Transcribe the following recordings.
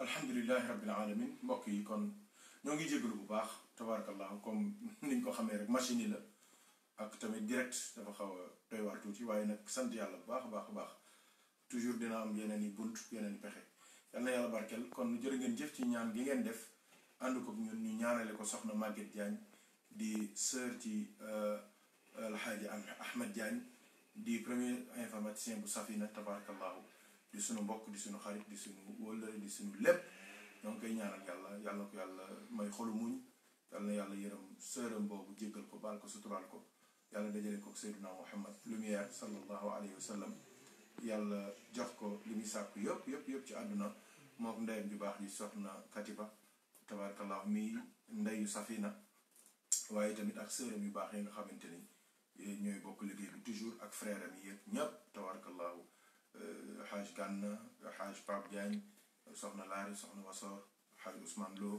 الحمد لله رب العالمين مكي يكون نوغي جيغلو بو باخ تبارك الله كوم نين كو خامي رك ماشيني لا اك تامي ديريكت دا فا خاوا توي وار توتي واي نك سانت يالا باخ باخ باخ توجور دينا ام يناني بونت يناني بخي يالنا يالا باركل كون نو جيرغن جيف تي نيان دي نين ديف اندو كو نيون ني نيانالي كو سخنا ماغيت ديان دي سير تي الحاج احمد ديان دي بريمير انفورماتيسيان بو سفينه تبارك الله di sunu mbokk di sunu xarit di sunu wala di sunu lépp donc kay ñaanal yàlla yàlla ko yàlla may xolu muñ yàlla na yàlla yërëm sëram boobu jéggal ko baal ko suturaal ko yàlla dajale ko Seydina Muhammad lumière sallallahu alayhi wa sallam yàlla jox ko li muy sàkku yëpp yëpp yëpp ci àdduna moo ndayam ndeyam ju baax ji soxna Katiba tabarakallah mi ndeyu Safina waaye tamit ak sëram yu baax yi nga xamante ni ñooy bokk liggéey bi toujours ak frère am yëpp ñëpp tabarakallahu xaaj Gànna xaaj Pape Diagne soxna Laari soxna Wasoor xaaj Ousmane Lo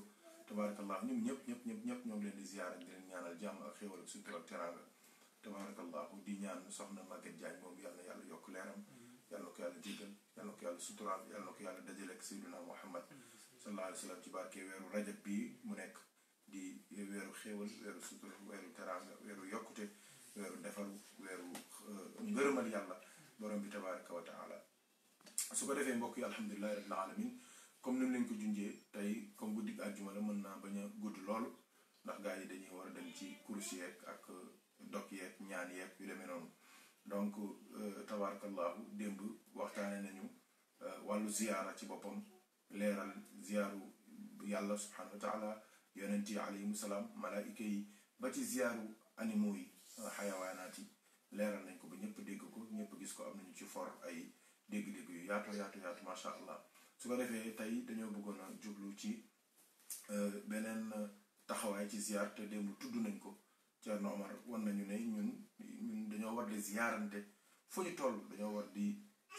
tabaarakallah ñoom ñëpp ñëpp ñëpp ñëpp ñoo ngi leen di ziyaara di leen ñaanal jàmm ak xéwal ak surtout ak teraanga tabaarakallahu di ñaan soxna Maguette Diagne moom yàlla na yàlla yokk leeram yàlla na ko yàlla jéggal yàlla na ko yàlla suturaal yàlla na ko yàlla dajale ak sayyidina Muhammad sallallahu alayhi wa ci barke weeru rajab bii mu nekk di weeru xéewal weeru sutura weeru teraanga weeru yokkute weeru defaru weeru ngërëmal yàlla borom bi tabaraka wa taala su ko defee mbokk yi alhamdulilahi rabbil alamin comme ni mu ko junjee tey comme bu digg àjjuma la mën naa bañ a gudd lool ndax gars yi dañuy war a dem ci course yeek ak euh, dok yeeg ñaan yeeg yu demee noonu donc euh, tabarakallahu démb waxtaanee nañu euh, wàllu ziyaara ci boppam leeral ziyaaru yàlla subhanahu wa taala yonent yi salaam malaayika yi ba ci ziyaaru animaux yi xayawaanaat leeral nañ ko ba ñëpp dégg ko ñëpp gis ko am nañu ci for ay dégg-dégg yu yaatu yaatu yaatu macha allah su ko defee tey dañoo bëggoon a jublu ci euh, beneen taxawaay ci ziar te démb tudd nañ ko Thierno Omar wan nañu ne ñun ñun dañoo war di ziarante fu ñu toll dañoo war di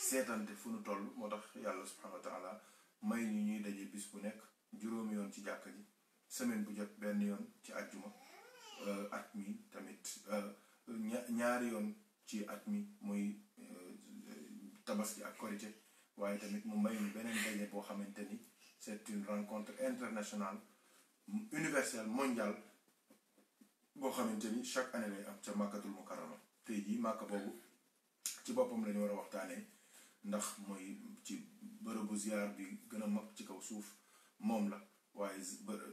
seetante fu ñu toll moo tax yàlla subhanahu wa taala may ñu ñuy daje bis bu nekk juróomi yoon ci jàkka ji semaine bu jot benn yoon ci àjjuma euh, at mi tamit. Euh, ñaari yoon ci at mi muy euh, tabaski ak korite waaye tamit mu may beneen daje boo xamante ni c'est une rencontre internationale universelle mondiale boo xamante ni chaque année lay am ca màkkatul mukarrama te jii màkka boobu ci boppam la ñu war a waxtaanee ndax mooy ci bërëbu ziar bi gën a mag ci kaw suuf moom la waaye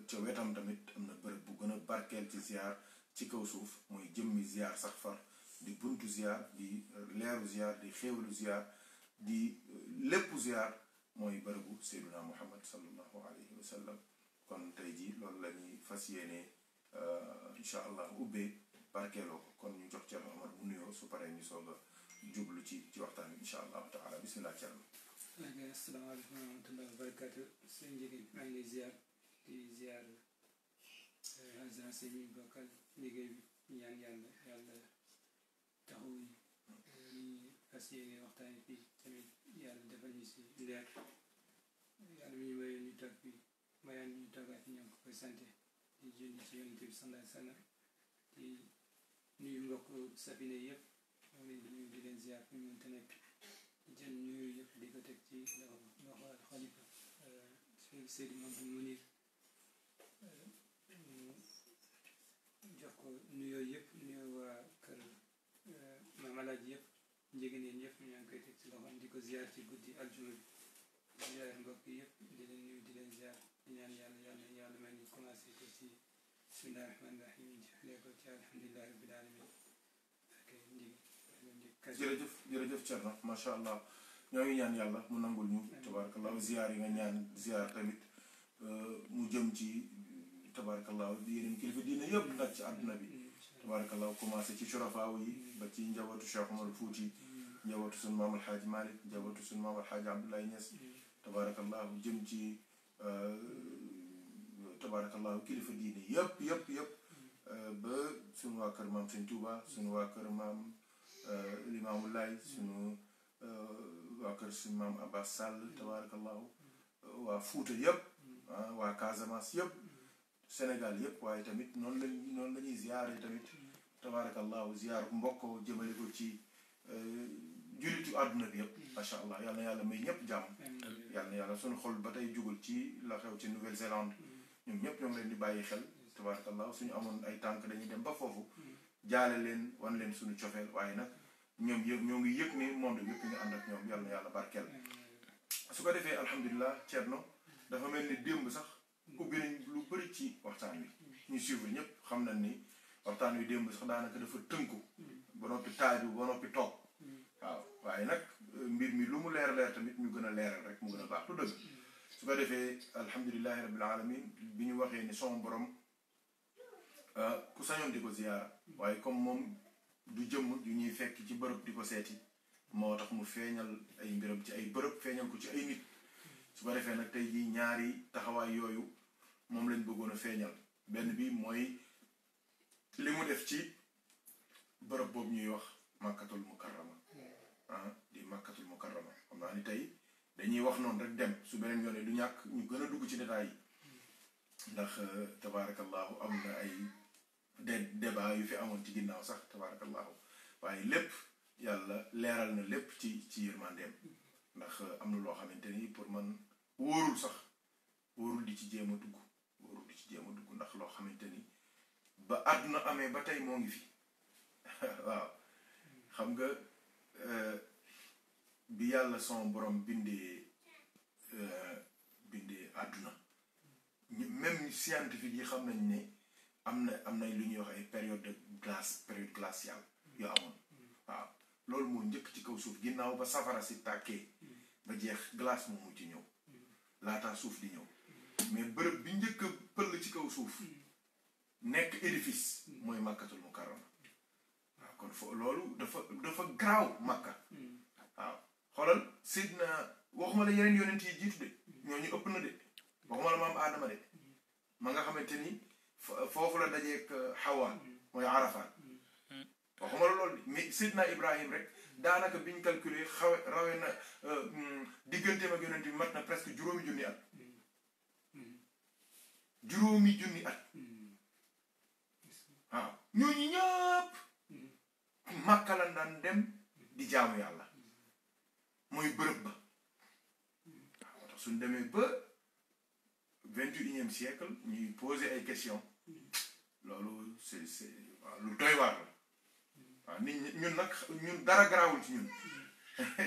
ca wetam tamit am na bërëb bu gën a barkeel ci ziar ci kaw suuf mooy jëmmi ziar sax far di buntu ziar di leeru ziar di xéewalu ziar di lépp ziar mooy bërëbu seyduna muhammad sallallahu alayhi wa sallam kon tey ji loolu la ñuy fas yéenee incha allah ubbee barkeeloo ko kon ñu jox Thierno Omar bu nuyoo su paree ñu soog a jublu ci ci waxtaan bi incha allahu taala bisimilah Thierno. asalaamaaleykum wa rahmatulah wa barakaatu sëñ Jigéen maa ngi lay ziar di ziar. agence yi bokkal liggéey bi ñaan yàlla yàlla taxaw ñu fas yéene waxtaan fii tamit yàlla defal ñu si yàlla mi ñu mayoon ñu toog fii mayoon ñu toogaat ñoo ngi koy sant di jënd ci yonent bi sanda sana di nuyu mbokk safine yëpp ñoo leen di di leen ziar fu ñu mënta nekk di jël nuyu yëpp di ko teg ci loxo loxo xalifa Seydi Mouhamed Mounir ko nuyoo yëpp nuyoo waa kër maam alaaji yëpp njëgëneen yëpp ñu ngi koy teg ci loxoom di ko ziar ci guddi aljuma bi ziar mbokk yëpp di leen nuyu di leen ziar di ñaan yàlla yàlla yàlla may ñu commencé ko ci bismillahi rahmaani rahim jeexlee ko ci alhamdulilahi rabbil alamin ak njëg jërëjëf jërëjëf Thierno macha allah ñoo ngi ñaan yàlla mu nangul ñu tabarakallah ziar yi nga ñaan ziar tamit mu jëm ci تبارك الله ديرم كيف دينا يبنى عندنا بي تبارك الله كما سيتي شرفا وي باتي نجاوتو شيخ عمر الفوتي نجاوتو سن مام الحاج مالك نجاوتو سن مام الحاج عبد الله ينس تبارك الله جمتي تبارك الله كيف دينا يب يب يب ب سنوا كرمام سن توبا سنوا كرمام الامام الله سنوا واكر سن مام عباس سال تبارك الله وفوتي يب وكازا ماس Sénégal yëpp waaye tamit noonu lañ noonu la ñuy ziyaare tamit tabaarakallaahu ziyaar mbokk jëmale ko ci euh, jullitu àdduna bi yëpp mm-hmm. macha allah yal na yàlla may ñëpp jàmm yal na yàlla suñu ba tey jugul ci la xew ci Nouvelle-Zélande mm-hmm. ñëpp ñoo leen di bàyyi xel tabaarakallaahu suñu amoon ay tànk dañuy dem ba foofu mm-hmm. jaale leen wan leen suñu cofeel waaye nag ñoom yëpp ñoo ngi yëg ni monde yëpp ñu ànd ak ñoom yal yàlla barkeel su ko defee alhamdulilah Thierno dafa mel ni démb sax ubbi nañ bëri ci waxtaan wi ñu suivre ñëpp xam nañ ni waxtaan wi démb sax daanaka dafa tënku ba noppi taaju ba noppi toog waaw waaye nag euh, mbir mi lu mu leer leer tamit ñu gën a leeral rek mu gën a baax lu dëgg su ko defee alhamdulilahi rabbil alamin bi ñu waxee ni son borom euh, ku sañoon di ko ziyaara waaye comme moom du jëmm yu ñuy fekk ci bërëb di ko seeti moo tax mu feeñal ay mbiram ci ay bërëb feeñal ko ci ay nit su ko defee nag tey jii ñaari taxawaay yooyu mom lañ bëggono feñal benn bi moy limu def ci borop bob ñuy wax makkatul mukarrama ah di makkatul mukarrama xam ni tay dañuy wax non rek dem su benen yone du ñak ñu gëna dugg ci detaay yi ndax euh, tabarakallah am na ay débat yu fi amon ci ginnaw sax tabarakallah waye lepp yalla leeral na lepp ci ci yermandem ndax euh, amna lo xamanteni pour man worul sax worul di ci jema dugg ci jéem dugg ndax loo xamante ni ba àdduna amee ba tey moo ngi fi waaw xam nga euh, bi yàlla son borom bindee euh, bindee àdduna même scientifique yi xam nañ ne am na am nay lu ñuy wax ay période de glace période glaciale yu amoon waaw loolu moo njëkk ci kaw suuf ginnaaw ba safara si tàkkee ba jeex glace moo mujj ñëw laataa suuf di ñëw nek édifice mooy makkatul mukarrama kon fo lolou dafa dafa graw makka waaw xolal sidna waxuma la yeneen yonent yi jiitu de ñu ëpp na de waxuma la maam de ma nga xamanteni fofu la la ak uh, hawa moy arafa waxuma la sidna ibrahim rek daanaka biñ calculer xawe rawé na uh, mm, digënté ak yonent bi mat presque juroomi jooni at juroomi jooni at waaw ñooñu ñëpp màkka la daan dem di jaamu yàlla mooy bërëb ba waaw tax suñ demee ba vingt et unième siècle ñuy poser ay questions loolu c'est c'est lu doy waar la waaw nit ñun nag ñun dara garaawul ci ñun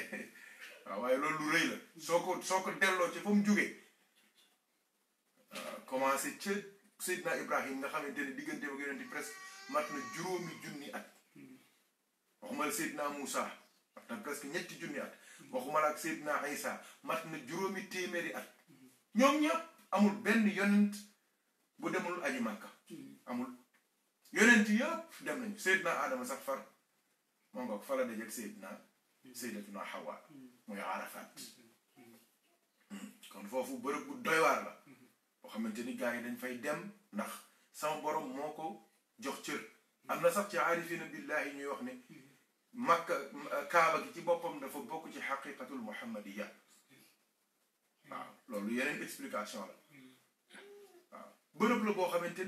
waaw waaye loolu lu rëy la soo ko soo ko delloo ci fa mu jógee commencé ca Seydina Ibrahim nga xamante ne diggante ba yonent presque mat na juróomi junni at waxuma la Seydina Moussa mat na presque ñetti junni at waxuma la ak Seydina Aïssa mat na juróomi téeméeri at ñoom ñëpp amul benn yonent bu demul aji màkka amul yonent yëpp dem nañu Seydina Adama sax far moo nga fa la dajeeg Seydina Seydatuna Hawa mooy Arafat hmm. kon foofu bërëb bu doy waar la xamanteni gaay dañ fay dem ndax sama borom moko jox cër amna sax ci arifina billahi ñuy wax ne makka kaaba gi ci bopam dafa bokku ci xaqiqatul muhammadiyya waaw loolu yeneen explication la waaw bërëb la boo xamante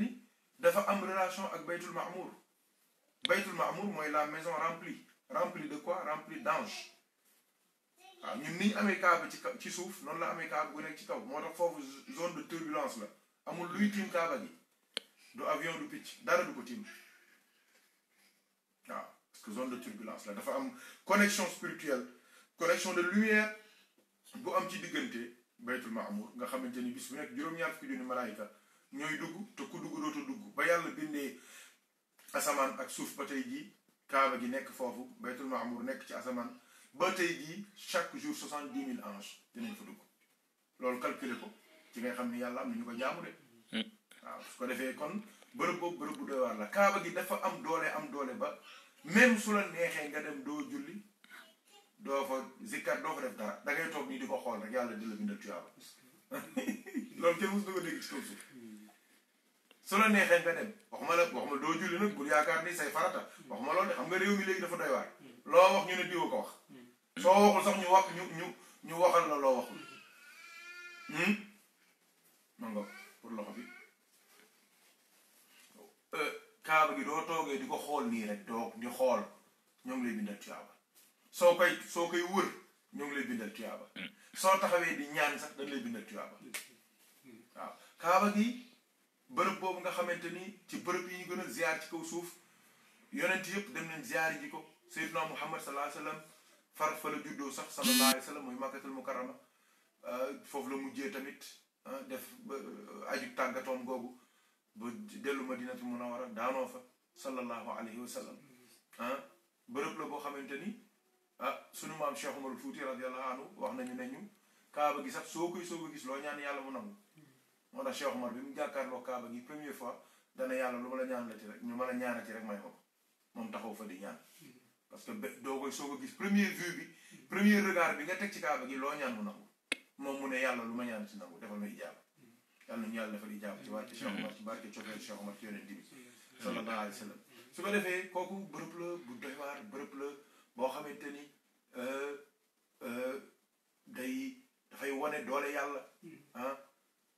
dafa am relation ak baytul mamour baytul mamour mooy la maison remplie remplie de quoi remplie d'ange waaw ñun ni ñu amee bi ci ci suuf noonu la amee kaa bu ci kaw moo tax foofu zone de turbulence la amul luy tiim kaaba gi du avion du picc dara du ko tiim waaw parce que zone de turbulence la dafa am connexion spirituelle connexion de lumière bu am ci diggante baytul maamur nga xamante ni bis bu nekk juróom-ñaar fukki junni malaayika ñooy dugg te ku dugg dootu dugg ba yàlla bindee asamaan ak suuf ba tey jii kaaba gi nekk foofu baytul maamur nekk ci asamaan. ba tey bii chaque jour soixante dix mille anges dinañ fa dugg loolu calculer ko ci ngay xam ni yàlla am na ñu ko jaamu de. Hmm. waaw su ko defee kon bërëb boobu bërëb bu doy waar la kaaba gi dafa am doole am doole ba même su la neexee nga dem doo julli doo fa zikkar doo fa def dara da toog nii di ko xool rek yàlla di la bindal tuyaaba loolu kenn mës na ko dégg ci kaw suuf su la neexee nga dem waxuma la waxuma doo julli nag bul yaakaar ni say farata waxuma loolu de xam nga réew mi léegi dafa doy soo waxul sax ñu wax ñu ñu ñu waxal la loo waxul hmm? ma nga pour loxo bi euh, kaaba gi doo toogee di ko xool nii rek toog di xool ñoo ngi lay bindal tuyaaba soo koy soo koy wër ñoo ngi lay bindal tuyaaba soo taxawee di ñaan sax dañ lay bindal tuyaaba waaw kaaba gi bërëb boobu nga xamante ni ci bërëb yi ñu gën a ziar ci kaw suuf yonent yëpp dem nañ ziar ji ko sayyidna Muhammad sallallahu alayhi wa sallam far fa la juddoo sax sallallahu alayhi wa sallam mooy makkatul mukarrama euh, foofu la mujjee tamit euh, def euh, aju tàggatoom googu ba dellu madinatul a daanoo fa sallallahu alayhi wa sallam ah bërëb la boo xamante ni ah sunu maam Cheikh Umarul Fuuti radiyallahu anhu wax nañu ne ñu kaaba gi sax soo koy soo ko gis loo ñaan yàlla mu nangu moo a Cheikh Umar bi mu jàkkaarloo kaaba gi première fois dana yàlla lu ma la ñaanati rek ñu ma la ñaanati rek may ko moom taxaw fa di parce que doo koy soo ko gis premier vue bi premier regard bi nga teg ci kaaba gi loo ñaan mu nangu moom mu ne yàlla lu ma ñaan si nangu defal ma ijaaba yàlla nañu yàlla defal ijaaba ci wàcc Cheikh Omar ci barke cofeel Cheikh Omar ci yonent bi sallallahu alayhi su ko defee kooku bërëb la bu doy waar bërëb la boo xamante ni euh, euh, day dafay wane doole yàlla ah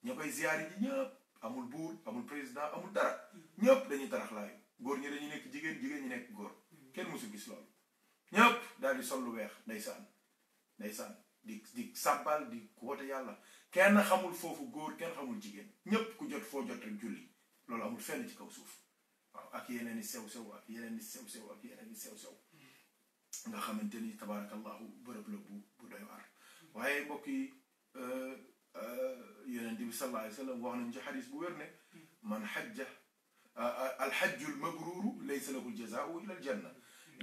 ña koy ziyaari ji ñëpp amul buur amul président amul dara ñëpp dañuy taraxlaayu góor ñi dañuy nekk jigéen jigéen ñi nekk góor kenn musu gis loolu ñëpp daal di sol lu weex ndeysaan ndeysaan di di sàbbal di woote yàlla kenn xamul foofu góor kenn xamul jigéen ñëpp ku jot foo jot rek julli loolu amul fenn ci kaw suuf waaw ak yeneen i sew sew ak yeneen i sew sew ak nga xamante ni tabarakallahu bërëb la bu bu doy waar waaye mbokk yi euh, euh, yonent bi sallallahu alayhi wa ci xadis bu wér ne man xajja alxajjul mabruuru laysa lahu aljazaau illa aljanna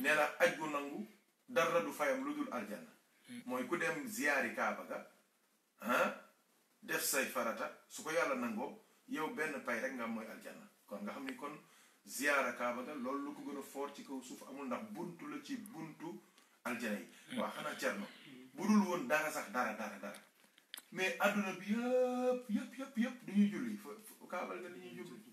nee na aj bu nangu dara du fayam lu dul aljana hmm. mooy ku dem ziyaari kaaba ga ah def say farata su ko yàlla nangoo yow benn pay rek nga mooy aljana kon nga xam ni kon ziyaara kaaba ga loolu lu ko gën a foor ci kaw suuf amul ndax buntu la ci buntu aljana yi hmm. waaw xanaa cerno bu dul woon dara sax dara dara dara mais adduna bi yëpp yëpp yëpp du ñuy julli kaaba ga li ñuy julli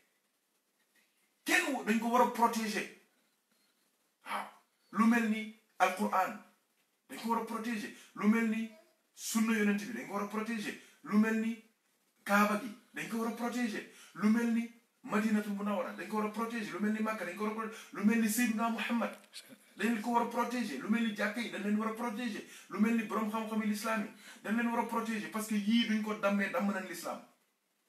kenn dañ ko war a protéger waaw lu mel ni alquran dañ ko war a protéger lu mel ni sunna yonent bi dañ ko war a protéger lu mel ni kaaba gi dañ ko war a protéger lu mel ni madinatul munawara dañ ko war a protéger lu mel ni makka dañ ko war a protéger lu mel ni muhammad dañ ko war a protéger lu mel ni jàkka yi dañ leen war a protéger lu mel ni borom xam-xam yi l'islam yi dañ leen war a protéger parce que yii duñ ko dammee damm nañ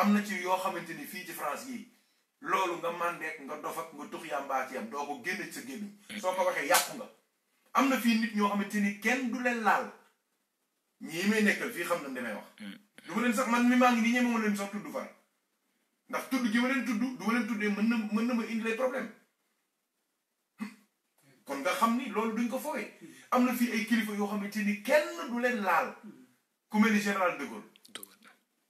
am na ci yoo xamante ni fii ci France gii loolu nga màndeek nga dof ak nga tux yàmbaat yam doo ko génne sa gémmiñ soo ko waxee yàqu nga am na fii nit ñoo xamante ni kenn du leen laal ñii may nekkal fii xam na damay wax mm. du ma leen sax man mi maa ngi nii ñeme ma leen sax tudd far ndax tudd ji ma leen tudd du ma leen tuddee mën na mën na ma indi lay problème kon nga xam ni loolu duñ ko fooyee am na fii ay kilifa yoo xamante ni kenn du leen laal ku mel ni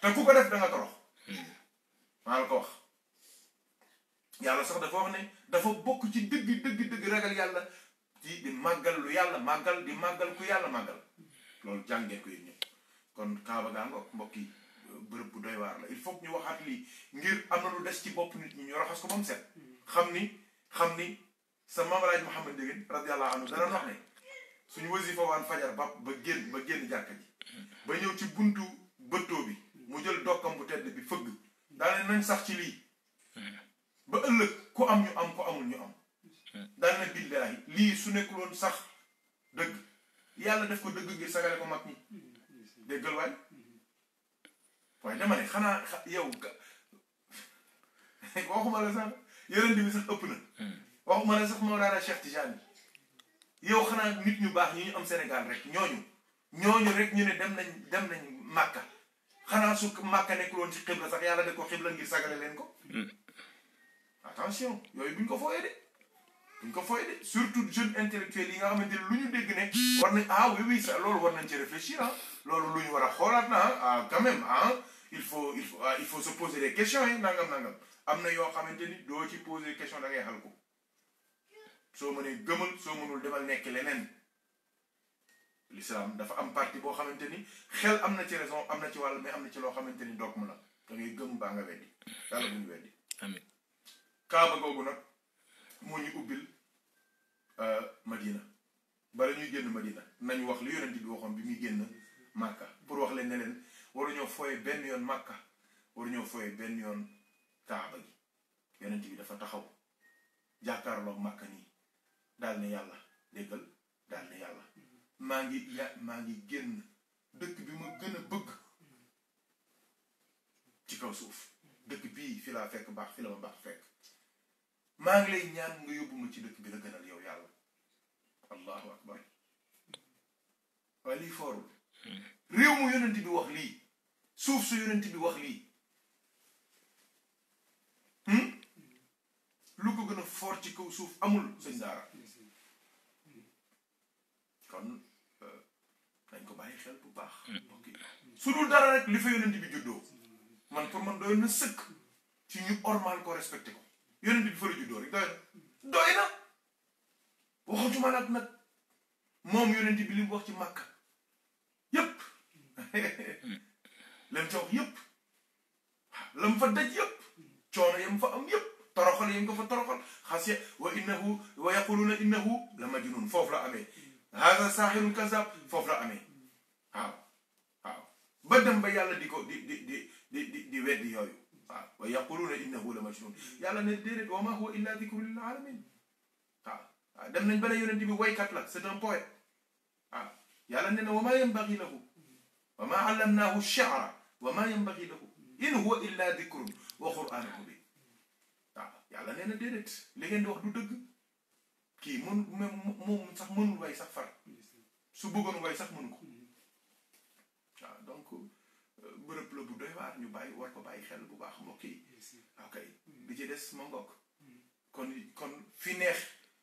te ku ko def da nga torox maa la ko wax yàlla sax dafa wax ne dafa bokk ci dëgg dëgg dëgg ragal yàlla ci di magal lu yàlla màggal di magal ku yàlla màggal loolu jàngee ko yéen kon kaaba gaa ngoog mbokk yi bërëb bu doy waar la il faut ñu waxaat lii ngir am na lu des ci bopp nit ñi ñu raxas ko ba set xam ni sa maam Alaaji Muhammad Ndieguene radiyallahu anhu dana wax ne suñu wasifa waan fajar ba ba génn ba génn jàkka ji ba ñëw ci buntu bëttoo bi mu jël dokkam bu tedd bi fëgg daane nañ sax ci lii hmm. ba ëllëg ku am ñu am ku amul ñu am hmm. daane na lii su nekkuloon sax dëgg yàlla def ko dëgg ngir sagale ko mag ñi déggal waay waaye dama ne xanaa yow waxuma la sax yonent bi sax ëpp na hmm. waxuma la sax Mawlana Cheikh Tijani yow xanaa nit ñu baax ñi ñu am Sénégal rek ñooñu ñooñu rek ñu ne dem nañ dem nañ Màkka xanaa su màkka nekkul woon ci xibla sax yàlla da ko xibla ngir sagale leen ko hmm. attention yooyu buñ ko fooyee de buñ ko fooyee de surtout jeune intellectuel yi nga xamante ne lu ñu dégg ne war nañ ah oui oui ça loolu war nañ ci réfléchir ah loolu lu ñu war a xoolaat na ah, ah quand même ah il faut il faut ah, il faut se poser des questions yi hein, nangam nangam am na yoo xamante ni doo ci poser question da ngay xal ko soo mënee gëmal soo mënul demal nekk leneen l'islam dafa am parti boo xamante ni xel am na ci raison am na ci wàll mais am na ci loo xamante ni dogma la da ngay gëm baa nga weddi yàlla bu ñu weddi amiin kaaba nag moo ñu ubbil euh, madina bala ñuy génn madina nañu wax li yonent bi waxoon bi muy génn màkka pour wax leen ne leen waruñoo fooye benn yoon màkka waruñoo fooye benn yoon kaaba gi yonent bi dafa taxaw jàkkaarloog màkka nii daal ne yàlla déggal daal ne yàlla maa ngi ya maa ngi génn dëkk bi ma gën a bëgg ci kaw suuf dëkk bii fi laa fekk baax fi la ma baax fekk maa ngi lay ñaan nga yóbbu ma ci dëkk bi la gënal yow yàlla allahu akbar waaye lii foorul réew mu yonent bi wax lii suuf su yonent bi wax lii hmm? lu ko gën a foor ci kaw suuf amul sëñ daara kon dañ ko bàyyi bu baax. Hmm. ok su dul dara rek li fa yonent bi juddoo man pour man doy na sëkk ci ñu ormal ko respecté ko yonent bi fa la juddoo rek doy na doy na nag nag moom yonent bi li mu wax ci màkka yépp hmm. lam ca wax yépp lam fa daj yépp coono yam fa am yépp toroxal yam ko fa toroxal xas ya wa innahu wa yaquluna innahu la majnun foofu la amee هذا ساحر كذاب فوف رقمي ها آه. آه. هاو بدن با يالا ديكو دي دي دي دي دي دي ويد يوي آه. ويقولون انه لمجنون يالا نديرت وما هو الا ذكر للعالمين هاو دم نن بلا يونت بي واي كاتلا سي تان بويت هاو يالا نن وما ينبغي له وما علمناه الشعر وما ينبغي له ان هو الا ذكر وقران مبين هاو يالا نن ديرت لي غندي واخ دو دغ kii mën même moom sax mënul way sax far su bëggoon way sax mënu ko waaw donc euh, bërëb la bu doy waar ñu bàyyi war ko bàyyi xel bu baax mbokk yi ah, ok li ci des ma ngoog mm-hmm. kon kon fi neex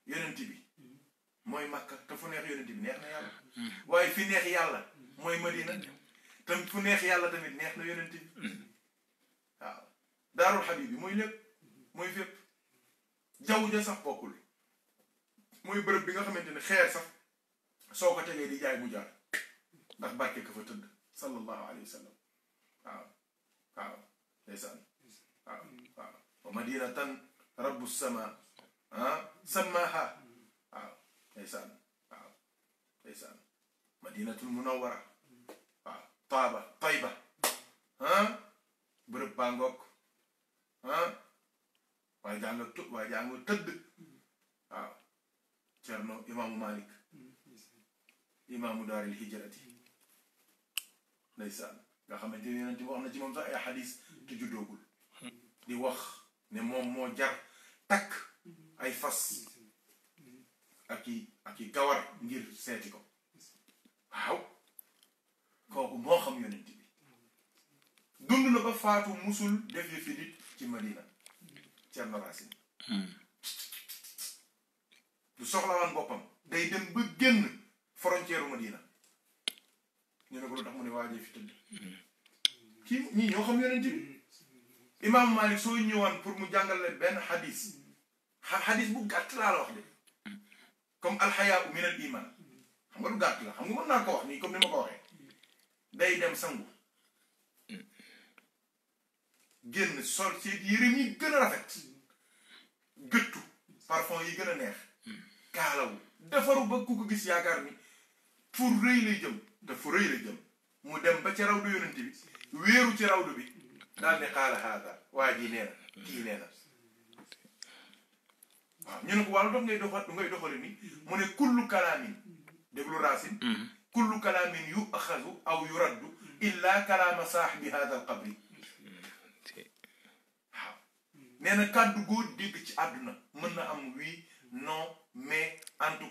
yonent bi mm-hmm. mooy Makka te fu neex yonent bi neex na yàlla mm-hmm. waaye fi neex yàlla mooy Madina te fu neex yàlla tamit neex na yonent bi waaw daarul xabib bi mooy lépp mooy fépp jaww ja sax bokkul muy bërëb bi nga xamante ne xeer sax soo ko tegee di jaay mu jaar ndax barke ka fa tëdd sallallahu alayhi wa sallam waaw waaw ndeysaan waaw waaw wa madinatan rabbu sama ah sammaha waaw ndeysaan waaw ndeysaan madinatul munawwara waaw taaba tayba ah, bërëb baa ngoog ah tëdd Cerno imaamu Malik imaamu daaril hijrati nga xamante ne yonent bi wax na ci moom sax ay xadis te juddoogul di wax ne moom moo jar takk ay fas ak i gawar ngir seeti ko waaw kooku moo xam yonent bi dund na ba faatu musul def fi nit ci Madina Cerno Racine hmm. bu soxlawaan bopam day dem ba genn frontière medina ñu ne ko tax mu ne waji fi ki ñi ñoo xam yoonent bi imam malik soo ñëwaan pour mu le ben hadis xadis hadith bu gatt la wax de comme haya min al iman xam nga lu gatt la xam nga mën ko wax ni comme ni ma ko waxe day dem sangu genn sol ci yere mi gën rafet gëttu parfum yi neex kaalawu defaru ba ku gis yaakaar ni fu rëy jëm mu dem ba ci rawdu yonent bi wéeru ci rawdu bi daal ne xaala xaala waa jii nee na kii nee ko wàllu dox ngay doxal ngay doxali ni mu ne kullu kalaamin déglu racine mm-hmm. kullu kalaamin yu aw yu illa kalaama saaxibi hada al qabri waaw nee na kàddu góor dégg na am wii non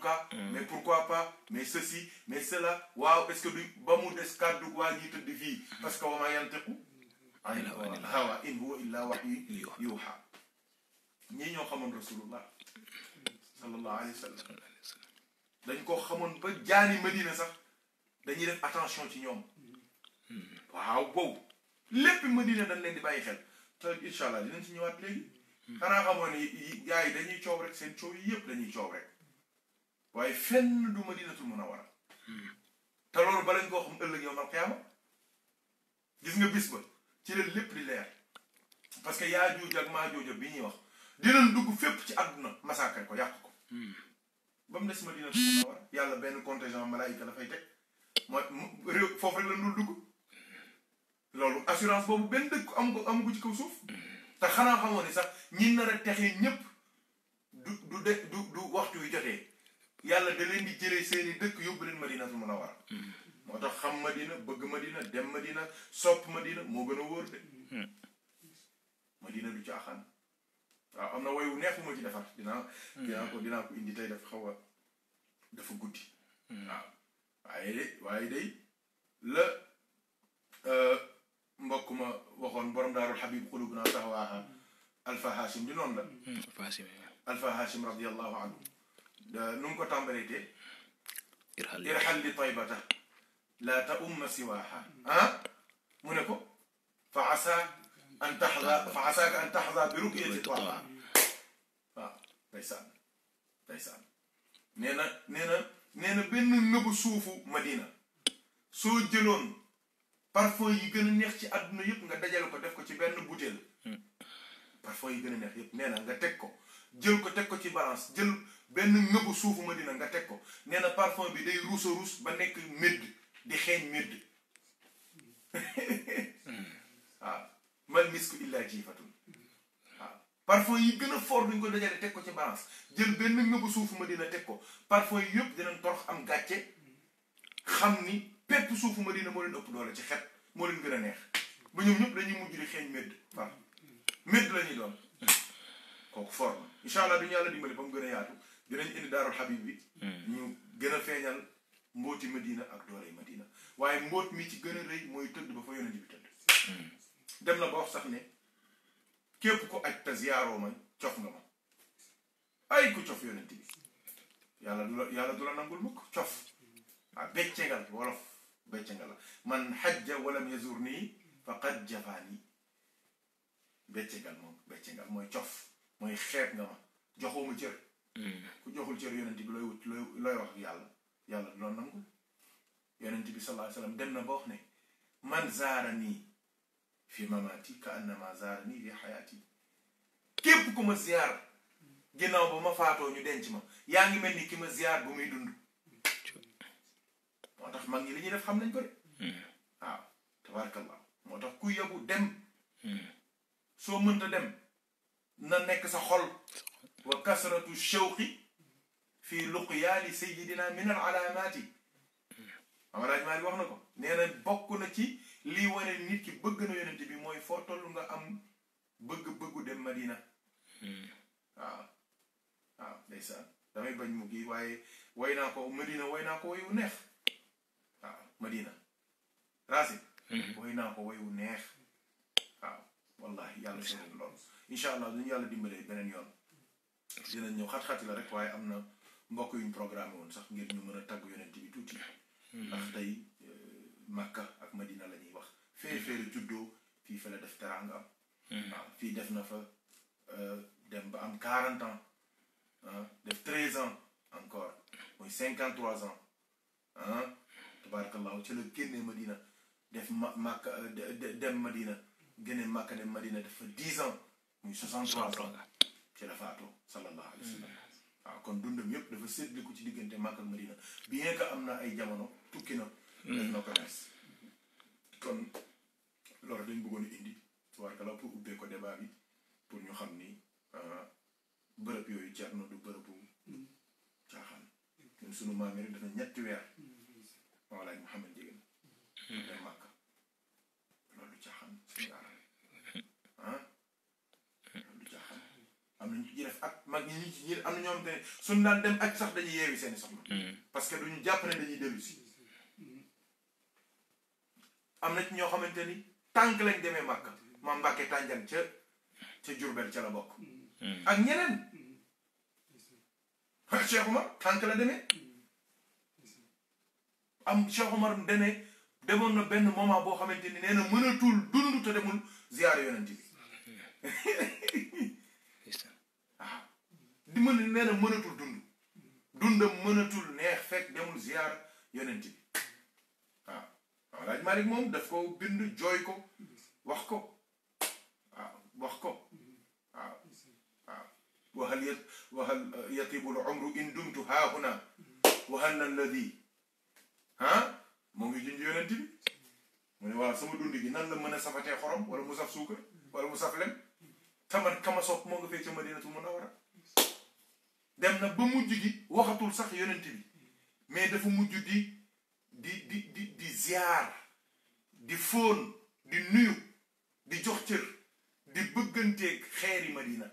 pas, mm. mais pourquoi pas, mais ceci, mais cela, waouh, est-ce que du bamou des kaddu wa jitu di fi parce que wama yantiqu anil hawa in huwa illa wahyu yuha ñi ñoo xamoon rasulullah sallallahu alayhi wa sallam dañ ko xamoon ba jaani madina sax dañuy def attention ci ñoom mm. waaw boobu lépp madina dañ leen di bàyyi xel te inshallah dinañ ci ñëwaat léegi mm. xanaa xamoon ne gars yi dañuy coow rek seen coow yi yëpp dañuy coow rek waaye fenn du Madinatul Munawwara te loolu balañ koo xam ëllëg yawmal qiyaama gis nga bis ba ci la lépp di leer parce que Yaajuuj ak Maajuuj bi ñuy wax dinañ dugg fépp ci àdduna massacre ko yàq ko ba mu des Madinatul Munawwara yàlla benn contingent malaayika la fay teg mooy réew foofu rek la dul dugg loolu assurance boobu benn dëkk am ko am ko ci kaw suuf te xanaa xamoon ne sax ñi nar a texee ñépp du du de du du waxtu wi jotee yàlla da leen di jëlee seen i dëkk yóbbu leen madinatul munawwara hmm. moo tax xam madina bëgg madina dem madina sopp madina moo gën a wóor de hmm. madina du caaxaan waaw am na woyu neexu ma ci dina dinaa hmm. dinaa ko dinaa ko indi tey dafa xaw a guddi waaw waaye de waaye day la euh, mbokk borom daarul xabib xulub naa taxawaaha alfa hashim di noonu la alfa hashim radiallahu anhu Euh, nu mu ko tàmbalee tee irxal li taybata laa ta umma siwaaha ah mu ne ko fa asaa an taxza fa bi rukyati taaha waaw ah, ndeysaan ndeysaan nee na nee na nee na benn nëbu suufu Madina soo jëloon parfum yi gën a neex ci àdduna yëpp nga dajale ko def ko ci benn butéel hmm. parfum yi gën a neex yëpp nee nga teg ko jël ko teg ko ci balance jël benn nëbu suufu Madina nga teg ko nee na bi day ruus a ruus ba nekk médd di xeeñ médd waaw ah, mal misku illaa jiifatun waaw ah, parfum yi gën a fort duñ ko dajale teg ko ci balance jël benn nëbu suufu Madina teg ko parfum yi yëpp dinañ torox am gàcce xam ni pepp suufu Madina moo leen ëpp doole ci xet moo leen gën a neex ba ñoom ñëpp dañuy mujj di xeeñ médd waaw médd la ñuy doon kooku fort na incha allah duñu yàlla dimbali ba mu gën a yaatu dinañ indi daarul xabib bi ñu gën a feeñal mbóoti madina ak dooley madina waaye mbóot mi ci gën a rëy mooy tëdd ba fa yonent bi tëdd dem na ba wax sax ne képp ko aj te ziyaaroo ma cof nga ma ay ku cof yonent bi yàlla du la yàlla du la nangul mukk cof waaw beccengal wolof beccengal la man xajja walam yazur nii faqad jafaani beccengal moom beccengal mooy cof mooy xeeb nga ma joxoo ma cër Mm. ku joxul cër yonent bi looy wut looy looy wax yàlla yàlla du loolu nangu yonent bi sallallahu alayhi wasallam dem na boo wax ne man zaara nii fi mamaati ka annama zaara nii fi xayaati képp ku ma ziyaar ginnaaw ba ma faatoo ñu denc ma yaa ngi mel ni ki ma ziyaar bu muy dund moo tax mag ñi li ñuy def xam nañ ko de mm. waaw tabarakallah moo tax ku yebu dem mm. soo mënta dem na nekk sa xol وكسرة الشوق في لقيا لسيدنا من العلامات أما راج ماري وحنكو نينا بوكو نكي لي وانا نيت كي بغ نو يونت بي موي فوتول لغا ام بغ بغو دم مدينة اه اه ديسا دامي باج موغي واي واي ناكو مدينة واي ناكو واي ونف اه مدينة راسي واي ناكو واي ونف اه والله يالله شهر لون إن شاء الله دنيا لدي ملي بنن يون dinañ ñëw xat-xati la rek waaye am na mbokk yuñ programme woon sax ngir ñu mën a tàgg yonent bi tuuti. Hmm. ndax tey euh, Makka ak Madina la ñuy wax. fee fee la juddoo fii fa la def teraanga am. Hmm. fii def na fa euh, dem ba am 40 ans ah, def 13 ans encore mooy 53 ans ah tabarakallahu ci la génnee Madina def ma Makka euh, dem Madina génne Makka dem Madina def fa 10 ans muy 63 ans. ci la faatu sallallahu alayhi wa sallam mm. waaw kon dundam yëpp dafa séddliku ci diggante Makka ak Madina bien que am na ay jamono tukki na mm. def na ko rees kon loolu dañ bëggoon indi tubaarkala pour ubbee ko débat bi pour ñu xam ni ah, bërëb yooyu jar na du bërëbu caaxaan ñun sunu maam yi rek dana ñetti weer mm. walaay Mouhamed Ndiéguène day Makka am na ñu ci def ak mag ñi ñu ci ñi am na ñoom te suñu daan dem ak sax dañuy yeewi seeni soxna. Mm. parce que duñu jàpp ne dañuy dellu si. am na ci ñoo xamante ni tànk lañ demee Màkka maam Mbàkke tànjan ca ca Jurbel ca la bokk. Mm. ak ñeneen. ah Cheikh Umar tànk la demee. am Cheikh Umar demee demoon na benn moment boo xamante ni nee na mënatul te demul ziyaar yonent di mën nee na mënatul dund dundam mënatul neex fekk demul ziar yonent bi waaw waaw laaj Malick moom daf ko bind jooy ko wax ko waaw wax ko waaw waaw waxal yat waxal yatibul umru in dumtu haahuna waxal na alladi ah moo ngi junj yonent bi mu ne waaw sama dund gi nan la mën a safatee xorom wala mu saf suukar wala mu saf lem taman kama sopp moo nga fee ca madinatul munawara dem na ba mujj gi waxatul sax yonente bi mais dafa mujj di di di di di ziar di fon di nuyu di jox ciir di bëggante ak xeeri madina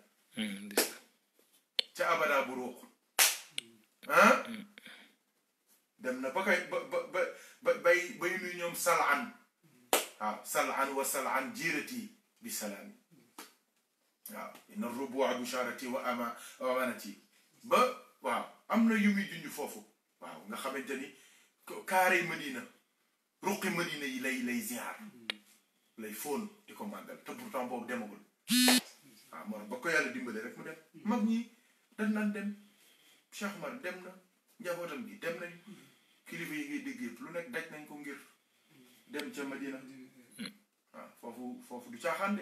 ca abada bu ruux han dem na ba kay ba ba ba bay bay nuyu ñoom salaan waaw salaan wa salan jirati bi salam ya inna rubua busharati wa ama wa amanati ba waaw am na yu muy junj foofu waaw nga xamante ni kaare Madina ruqi Madina yi lay lay ziar lay fóon di ko màggal te pourtant boobu demagul waaw moo ba ko yàlla dimbale rek mu dem mag ñi dañ dem Cheikh dem na njabootam gi dem nañ kilifa yi ngay dégg yëpp lu nekk daj nañ ko ngir dem ca Madina waaw foofu foofu du caaxaan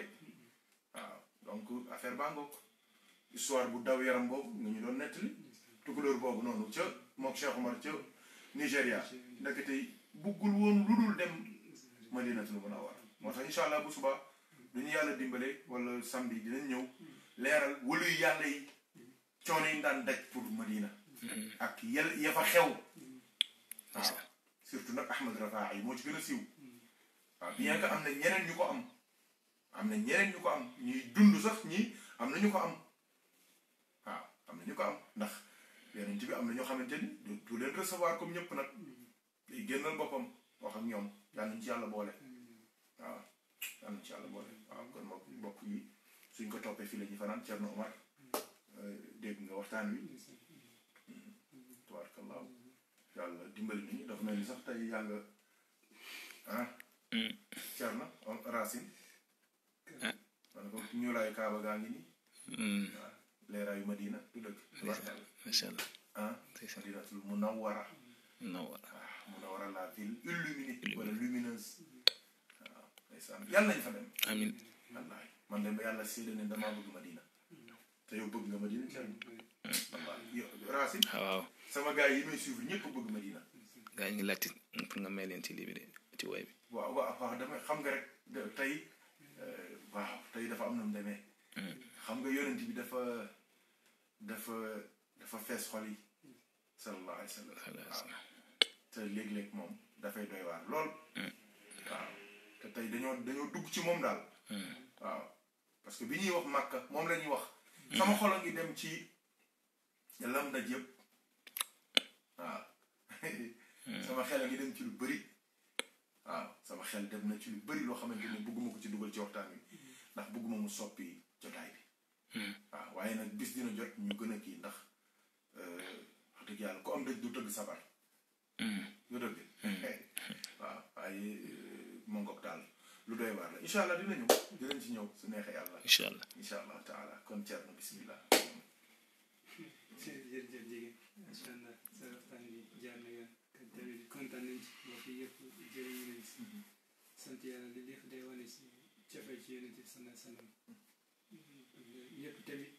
waaw donc affaire baa histoire bu daw yaram boobu nga ñu doon nettali tukulóor boobu noonu ca mook Cheikh Omar ca Nigéria ndekete buggul woon lu dul dem a Munawwara moo tax incha allah bu subaa du ñu yàlla dimbale wala samedi dinañ ñëw leeral waluy yàlla yi coono yi daan daj pour Madina ak yel ya fa xew waaw surtout nag Ahmed Rafaa yi moo ci gën a siiw waaw bien am na ñeneen ñu ko am am na ñeneen ñu ko am ñuy dund sax ñi am na ñu ko am am nañu ko am ndax yonent bi am na ñoo xamante ni du du leen recevoir comme ñëpp nag day génnal boppam wax ak ñoom yàlla ci yàlla boole waaw yàlla ci yàlla boole waaw kon moom mbokk yi suñ ko toppee fii la ñuy fanaan Thierno Omar euh, dégg nga waxtaan wi hmm, yàlla dimbali mel ni sax tey nga ah Thierno Racine man ah. ko ñuulaayu kaaba gaa ngi nii hmm. leeraayu Madina du dëkk. macha allah ah Madinatul Munawwara. Munawwara waaw ah, Munawwara la ville illuminée wala lumineuse. waaw ah, ndeysaan yàlla nañ fa dem. amiin man de ba yàlla séedee ne damaa bëgg Madina. te yow bëgg nga Madina kenn. yow Racine. Ah, waaw Madina. gars yi ngi pour nga may leen ci lii bi de ci bi. waaw waaw waaw xam nga rek tey euh, dafa am na mu demee. Hmm. xam nga yonent bi dafa dafa dafa fees xol sallallahu alayhi wa sallam waaw te léeg-léeg moom doy waar lool hmm. waaw te tey dañoo dañoo dugg ci mom daal hmm. waaw parce que wax sama xol ngi dem ci hmm. sama xel ngi dem ci sama xel dem na ci lu bëri lo xamanteni bëgguma ko ci dugal ci waxtaan wi ndax bëgguma mu soppi jotaay bi Hmm. ah waaye nag bis dina jot ñu gën a kii ndax euh, wax dëgg yàlla ku am dëj du tëgg sabar hmm. du dëgg hmm. waaw waaye euh, mu ngoog daal lu doy waar la incha allah dina ñëw dinañ ci ñëw su neexee yàlla incha allah incha allah taala kon ceer na bismillah jërëjëf jërëjëf incha allah sa waxtaan bi jaar na yoon tamit kontaan nañ ci mbokk yëpp jërëjëf nañ mhm. si sant yàlla li lépp day wane si cofee ci yonente bi sallallahu alayhi yëpp tamit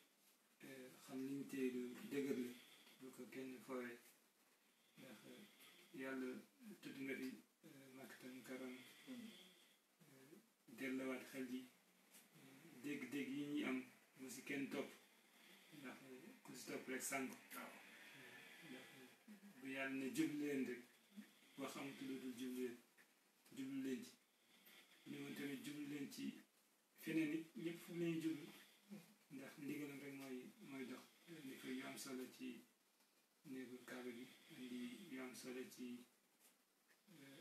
euh, xam niñ tey lu dëgër la bu ko kenn fowee ndax euh, yàlla tudd nga fi euh, makatan karam delluwaat xel ji dégg-dégg yi ñu am mu si kenn topp ndax ku si topp rek sànq ndax bu yàlla ne jublu rek wax amatul lu dul jublu leen ci ñu moom tamit jublu ci feneen it ñëpp fu mu leen jublu ndigalam rek mooy mooy dox nekk yu am solo ci néegu kaaba bi indi yu am solo ci eh,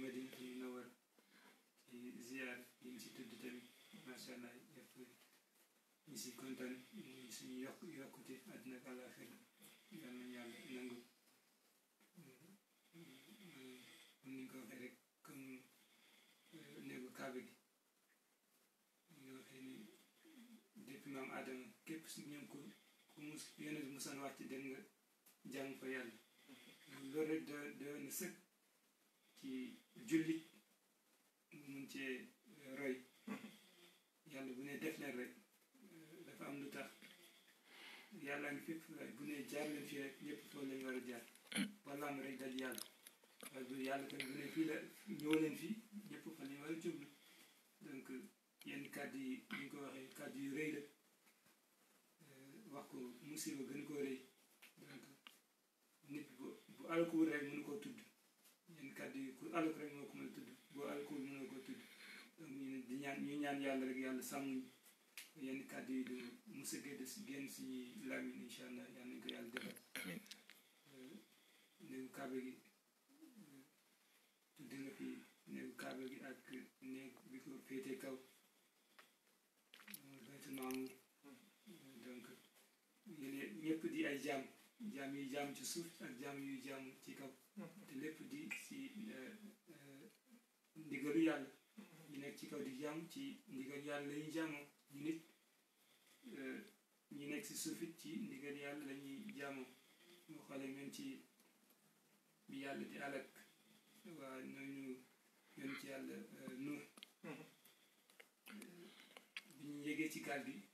madinatul munawwara ci ziar yi ñu si tudd tamit macha allah yëpp ñu si kontaan muy suñu yokk yokkute àddina ak àllaaxira yal na yàlla nangu mm-hmm. Mm-hmm. Mm-hmm. comme ni ko waxee maam Adama képp ñu ngi ko ku mu yéen a musaan wàcc dem jàng fa yàlla loolu rek da da na sëkk ci jullit mun cee eh, roy yàlla bu ne def leen rek eh, dafa am lu tax yàlla ngi fépp waaye bu ne jaar leen fii rek ñëpp war a jaar hmm. donc yenn kàddu yi ñu ko waxee kàddu yu rëy kooku musiba gën koo rëy donc nit bu rek mënu koo tudd ñun kàddu yi ku alku rek koo tudd donc ñu di ñaan ñu ñaan yàlla rek yàlla sàmm yenn kàddu yi du mos a génn si génn si làmmiñ incha allah yal nañu ko yàlla defal. Euh, néegu kaabe gi tudd nga fi néegu kaabe gi ak néeg bi ko féete kaw baytu maamu di ay jaam jaam yu jaam ci suuf ak jaam yu jaam ci kaw mhm. te lépp di si euh, euh, ndigalu yàlla mhm. ñu nekk ci kaw di jaam ci ndigalu yàlla la jaamoo ñu nit euh, ñu nekk si suuf it ci ndigalu yàlla la ñuy jaamoo moo xoolee même ci bi yàlla ñooñu ci yàlla nuux mhm. bi ñu yegee ci gaal bi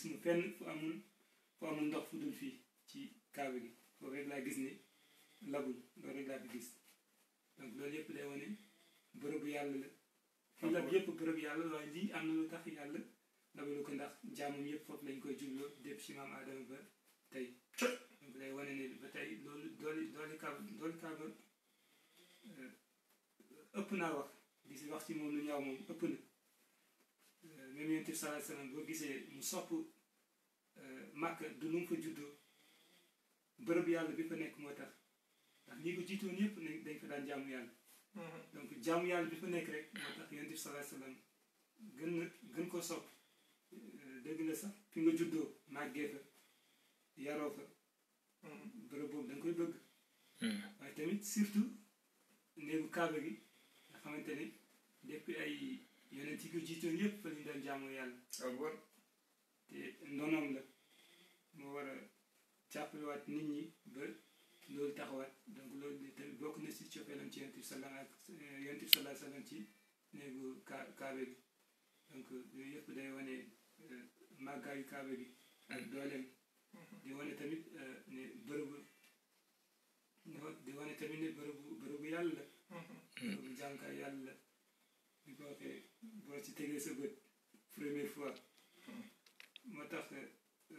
gis mu fenn fu amul ndox fu dul fii ci kaawe gi foofu rek laa gis ne labul loolu rek laa fi gis donc loolu yëpp day wane bërëbu yàlla la fii lab yàlla waaye lii am na lu tax yàlla labalu ko ndax jaamam yëpp foofu lañ koy jubloo dépp ci maam Adama ba tey donc day ba tey loolu dooli dooli kaab dooli kaaba euh, ëpp naa wax di si wax ci moom lu ñaaw moom ëpp na même yonent bi sallallahu alayhi boo gisee mu sopp euh, màkk du nu mu fa juddoo bërëb yàlla bi fa nekk moo tax ndax ñi ko jiitoon yëpp dañ fa daan jaamu yàlla mm-hmm. donc jaamu yàlla bi fa nekk rek moo tax yonent bi sallallahu alayhi gën na gën ko sopp euh, dëgg la sax fi nga juddoo màggee fa yaroo fa mm-hmm. bërëb boobu da koy bëgg mm-hmm. waaye tamit surtout néegu kaaba gi nga xamante ne depuis ay ki ko jiitoon yëpp fa ñu doon jaamu yàlla. d'accord ah te ndonoom la moo war a jàppalewaat nit ñi ba loolu taxawaat donc loolu tamit bokk na si cofeelam ci yonent bi sallam ak yonent bi sallam sallam ci néegu kaabe bi donc yooyu yëpp day wane euh, màggaayu kaabe bi ak dooleem mhm. euh, di wane tamit ne bërëbu di wane tamit yàlla la mhm. bërëbu jànkaay yàlla la di ko waxee boo ci tegee sa bët première fois moo tax euh,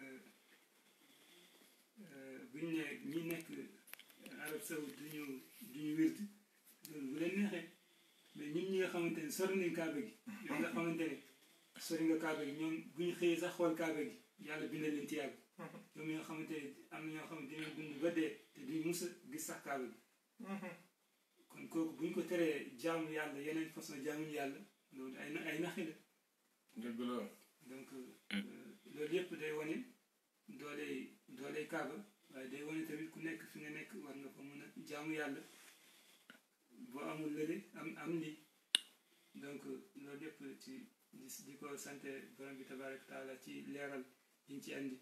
euh, bu ñu ne ñi nekk arab saoud duñu duñu wér loolu bu leen neexee mais ñi nga xamante ne kaaba gi yow nga xamante ne sori gi ñoom bu ñu xëyee sax xool kaaba gi yàlla bindal leen tiyaab ñoom ñoo xamante am na ñoo xamante dinañ dund ba dee te duñ mus gis sax kaaba gi mm-hmm. kon kooku bu ñu ko teree jaamu yàlla yeneen façon jaamu yàlla loolu ay ay naxi la. dëgg donc euh, mm. loolu yëpp day wone dooley dooley kaaba waaye day wane tamit ku nekk fi nga nekk war na ko mën a jaamu yàlla boo amul lële am am lii donc euh, loolu yëpp ci di ko sant borom bi tabaaraka taala ci leeral yi ñu ci andi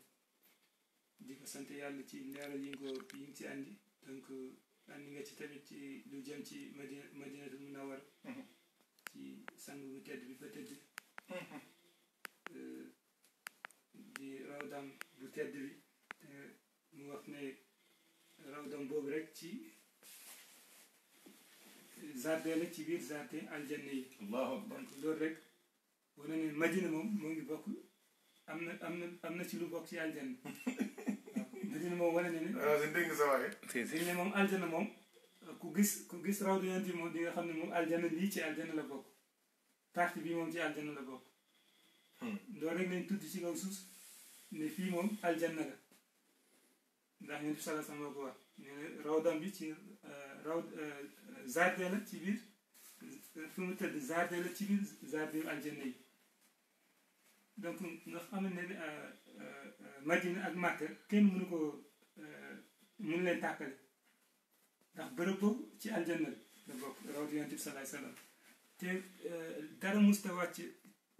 di sant yàlla ci leeral yi ko yi ñu ci andi donc euh, andi nga ci tamit ci lu jëm ci mun madinatul war ci sang bu tedd bi ba tedd mm-hmm. euh, di rawdam bu tedd bi te mu wax ne rawdam boobu rek ci jardin la ci biir jardin aljanna yi donc loolu rek wane ne madina moom moo ngi bokk am na am na am na ci lu bokk ci aljanna waaw madina moom wane ne ne dégg nga sa waaye ne moom aljanna moom ku gis ku gis rawdu yonent bi moom di nga xam ne moom aljana lii ci aljana la bokk partie bii moom ci aljana la bokk hmm. loolu rek lañ tudd ci kaw suuf ne fii moom aljanna la ndax yonent bi ko wax ne rawdam ci euh, raw jardin euh, ci biir fi ci biir jardin aljanna yi donc nga xam ne euh, Madina ak Màkka kenn mënu ko mënu leen tàkkale ndax bërëbam ci aljanna la bokk rawdu yonent bi salaay salaam te euh, dara musta wàcc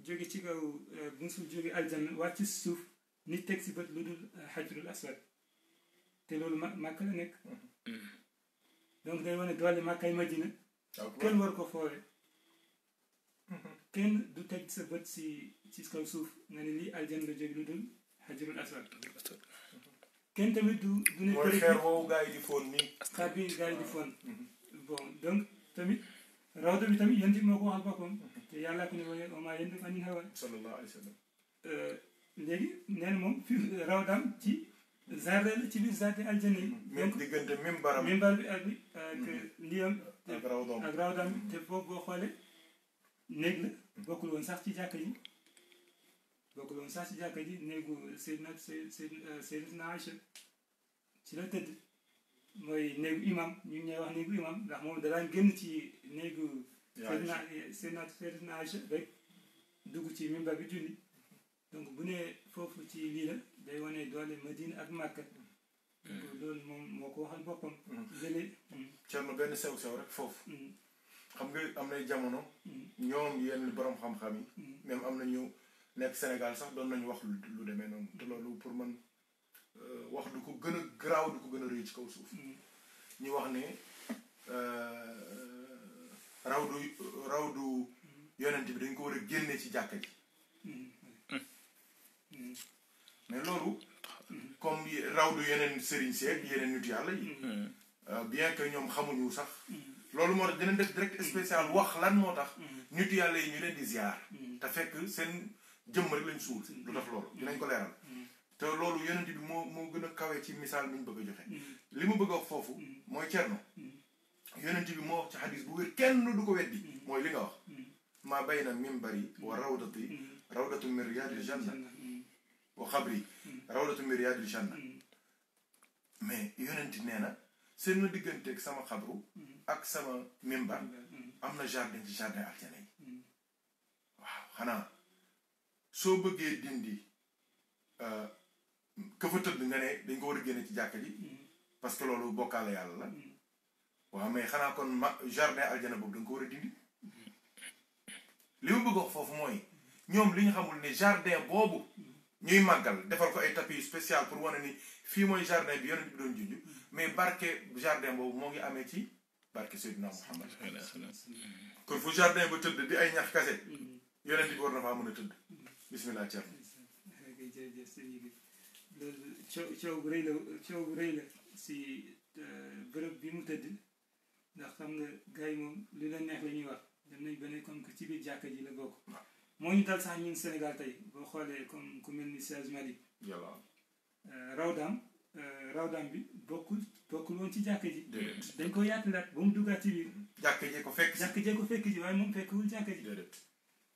jóge ci kaw euh, musul jóge aljanna wàcc suuf nit teg si bët lu dul euh, xajrul aswad te loolu ma màkk la nekk mm-hmm. donc day wane doole màkkay madina kenn war ko foowe mm-hmm. kenn du teg sa bët si ci kaw suuf nga ne lii aljanna la jóge lu dul xajrul aswad kenn tamit du du ne. mooy yi di fóon nii. xeer bi gars yi di fóon. Mhm. bon donc tamit rawda bi tamit yéen tamit moo ko waxal boppam. Mhm. te yàlla ko ni ma leen omaa na moom fi rawdaam ci. zaade la ci biir zaade aljanna yi. Mhm. donc diggante mimbaram mimbar bi ak bi ak liyam. ak rawdaam ak te boo boo xoolee néeg la bokkul woon sax ci jàkka yi. boo ko doon sax ci jàkka ji néegu Seydina Seydina Aïcha ci la tëdd mooy néegu imam ñu ngi wax néegu imam ndax moom da daan génn ci néegu Seydina Seydina Seydina Aïcha rek dugg ci mimbar bi julli donc bu nee foofu ci lii la day wane doole Madina ak Màkka hmm. loolu moom moo ko waxal boppam hmm. jëlee Thierno hmm. benn sew-sew rek foofu xam nga am nay jamono ñoom yenn borom xam-xam yi même am na ñu nekk Sénégal sax doon nañu wax lu demee noonu te loolu pour man euh, wax du ko gën a garaaw du ko gën a rëy ci kaw suuf mm-hmm. ñu wax ne euh, raw du raw du mm-hmm. yonent bi dañ ko war a génne ci jàkka ji mm-hmm. mais loolu comme raw du yeneen sëriñ seeg yeneen nit yàlla yi euh, bien que ñoom xamuñu sax loolu moo tax dinañ def direct spécial wax lan moo tax nit yàlla yi ñu leen di ziar te fekk seen jëmmal lañ suul du def loolu dinañ ko leeral te loolu yonent bi moo moo gën a kawee ci misaal bi ñu bëgg a joxe li mu bëgg a wax foofu mooy cerno yonent bi moo wax ci xadis bu wér kenn du ko weddi mooy li nga wax maa bayna mimbari wa rawdati rawdatu min riyaadil janna wa xabri rawdatu min riyaadil janna mais yonent nee na seen na ak sama xabru ak sama mimbar am na jardin ci jardin aljana yi waaw xanaa soo bëggee dindi euh, ka fa tëdd nga ne dañ ko war a génne ci jàkka ji mm-hmm. parce que loolu bokkaale yàlla la mm-hmm. waaw mais xanaa kon ma jardin aljana boobu da nga ko war a dindi mm-hmm. li ma bëgg foofu mooy ñoom li ñu xamul ne jardin boobu ñuy màggal defal ko ay tapis spécial pour wane ni fii mooy jardin bi yonent bi doon junj mais barke jardin boobu moo ngi amee ci barke Seydina Muhammad kon fu jardin ba tëdd di ay ñax kase yonent bi war na faa mën a tëdd bisimilah coow bu rëy la coow bu rëy la si euh, bërëb bi mu tëdd ndax xam nga gars yi moom li la neex la ñuy wax dem nañ ba comme ci biir jàkka ji la bokk. moo ñu dal sax ñun Sénégal tey boo xoolee comme ku mel ni Serge Mali. Euh, rawdaam euh, rawdaam bi bokkul bokkul woon ci jàkka ji. dañ ko yaatalaat ba mu duggaat ci biir. jàkka jee ko fekk ji jàkka jee ko fekk ji waaye moom fekkwul jàkka ji. déedéet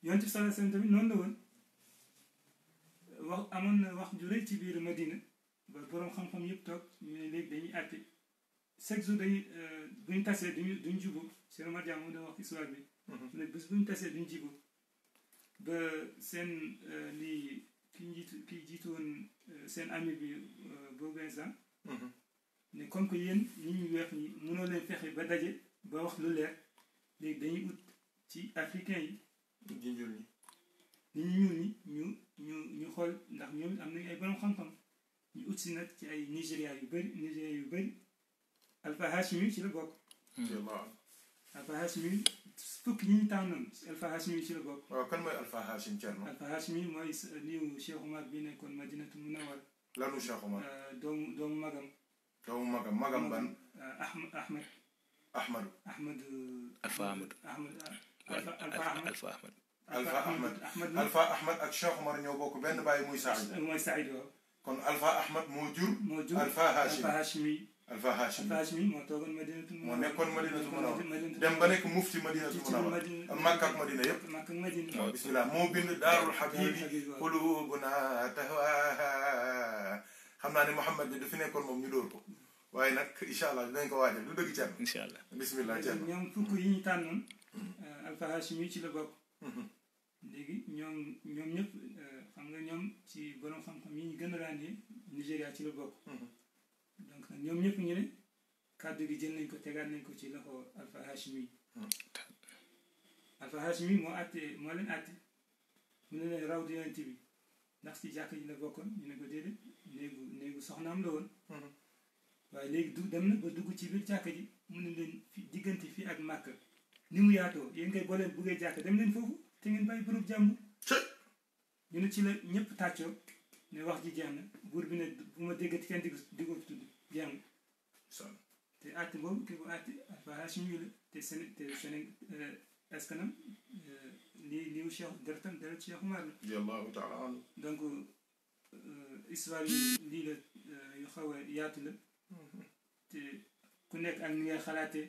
yoon ci sala la woon. wax amoon na wax ju rëy ci biir Madina ba boroom xam-xam yëpp toog ñu ne léegi dañuy àtte chaque jour dañuy euh, buñ tasee duñu duñ jubu Cheikh Omar Dia moom da wax histoire bi mhm. mu ne bés buñ tasee duñ jubu ba seen euh, lii ki njiit ki jiitu woon euh, seen ami bi Beaugenza mhm. ne comme que yéen ñi ñu weex ñi mënoo leen fexe ba daje ba wax lu leer léegi dañuy ut ci africain yi nit ñu ñu ñu ñu xool ndax ñoom am nañ ay borom xam-xam ñu ut si nag ci ay Nigéria yu bëri Nigéria yu bëri Alpha Hashimi ci la bokk. Alpha Hashimi fukk ñi ñu tànnoon Alpha Hashimi ci la bokk. waaw kan mooy Alpha Hashim Thierno. Alpha Hashimi mooy niw Cheikh omar bi nekkoon Madinatu Munawar. lanu Cheikh omar doomu doomu Magam. doomu Magam Magam ban. Ahmed. Ahmadu. Ahmadu. Alpha Ahmadu. Alpha Alpha Ahmad. Alpha Ahmed Alpha Ahmed ak Cheikh Omar ñoo bokk benn bàyyi muy Saïd. mooy Saïd waaw. kon Alpha Ahmed moo jur. moo jur Alpha Hashim Alpha Hashimi. Alpha Hashimi Alpha Hashimi moo toogoon Madinatul Munawwara. moo nekkoon Madinatul Munawwara dem ba nekk mufti Madinatul Munawwara. Makka ak Madina yëpp. Makka ak Madina waaw bisimilah moo bind Daarul Habibi qulubuna tahwaha xam naa ne Mouhamed bi dafa nekkoon moom ñu dóor ko waaye nag incha allah dinañ ko waajal lu dëgg Thierno. incha allah bisimilah Thierno ñoom fukk yi ñu tànnoon. Alpha Hashimi ci la bokk. léegi ñoom ñoom ñëpp euh, xam nga ñoom ci borom xam-xam yi ñu gën a ràññee Nigéria ci la bokk. Mhm. donc nag ñoom ñëpp ñu ne kàddu gi jël nañ ko tegaat nañ ko ci loxo Alpha Hashmi. Mhm. Alpha Hashmi moo àttee moo leen àtte mu ne leen raw di yonent bi ndax si jàkk ji la bokkoon ñu ne ko déedéet néegu néegu soxnaam la woon. Mhm. waaye léegi du dem na ba dugg ci biir jàkk ji mu ne leen fi diggante fii ak màkk ni mu yaatoo yéen kay boo buggee jàkk dem leen foofu. te ngeen buruk bërëb jàmbur ñu ne ci la ñëpp tàccoo ne wax ji jeex na bi ne bu ma déggati kenn di ko tudd jeex na te àtte boobu ki ko àtte alfahash ñu la te sen te seen euh, askanam euh, lii liiwu Cheikh deretam deret Cheikh Umar la donc euh, histoire yu lii la yu xaw yaatu la mhm. te ku nekk ak ni nga xalaatee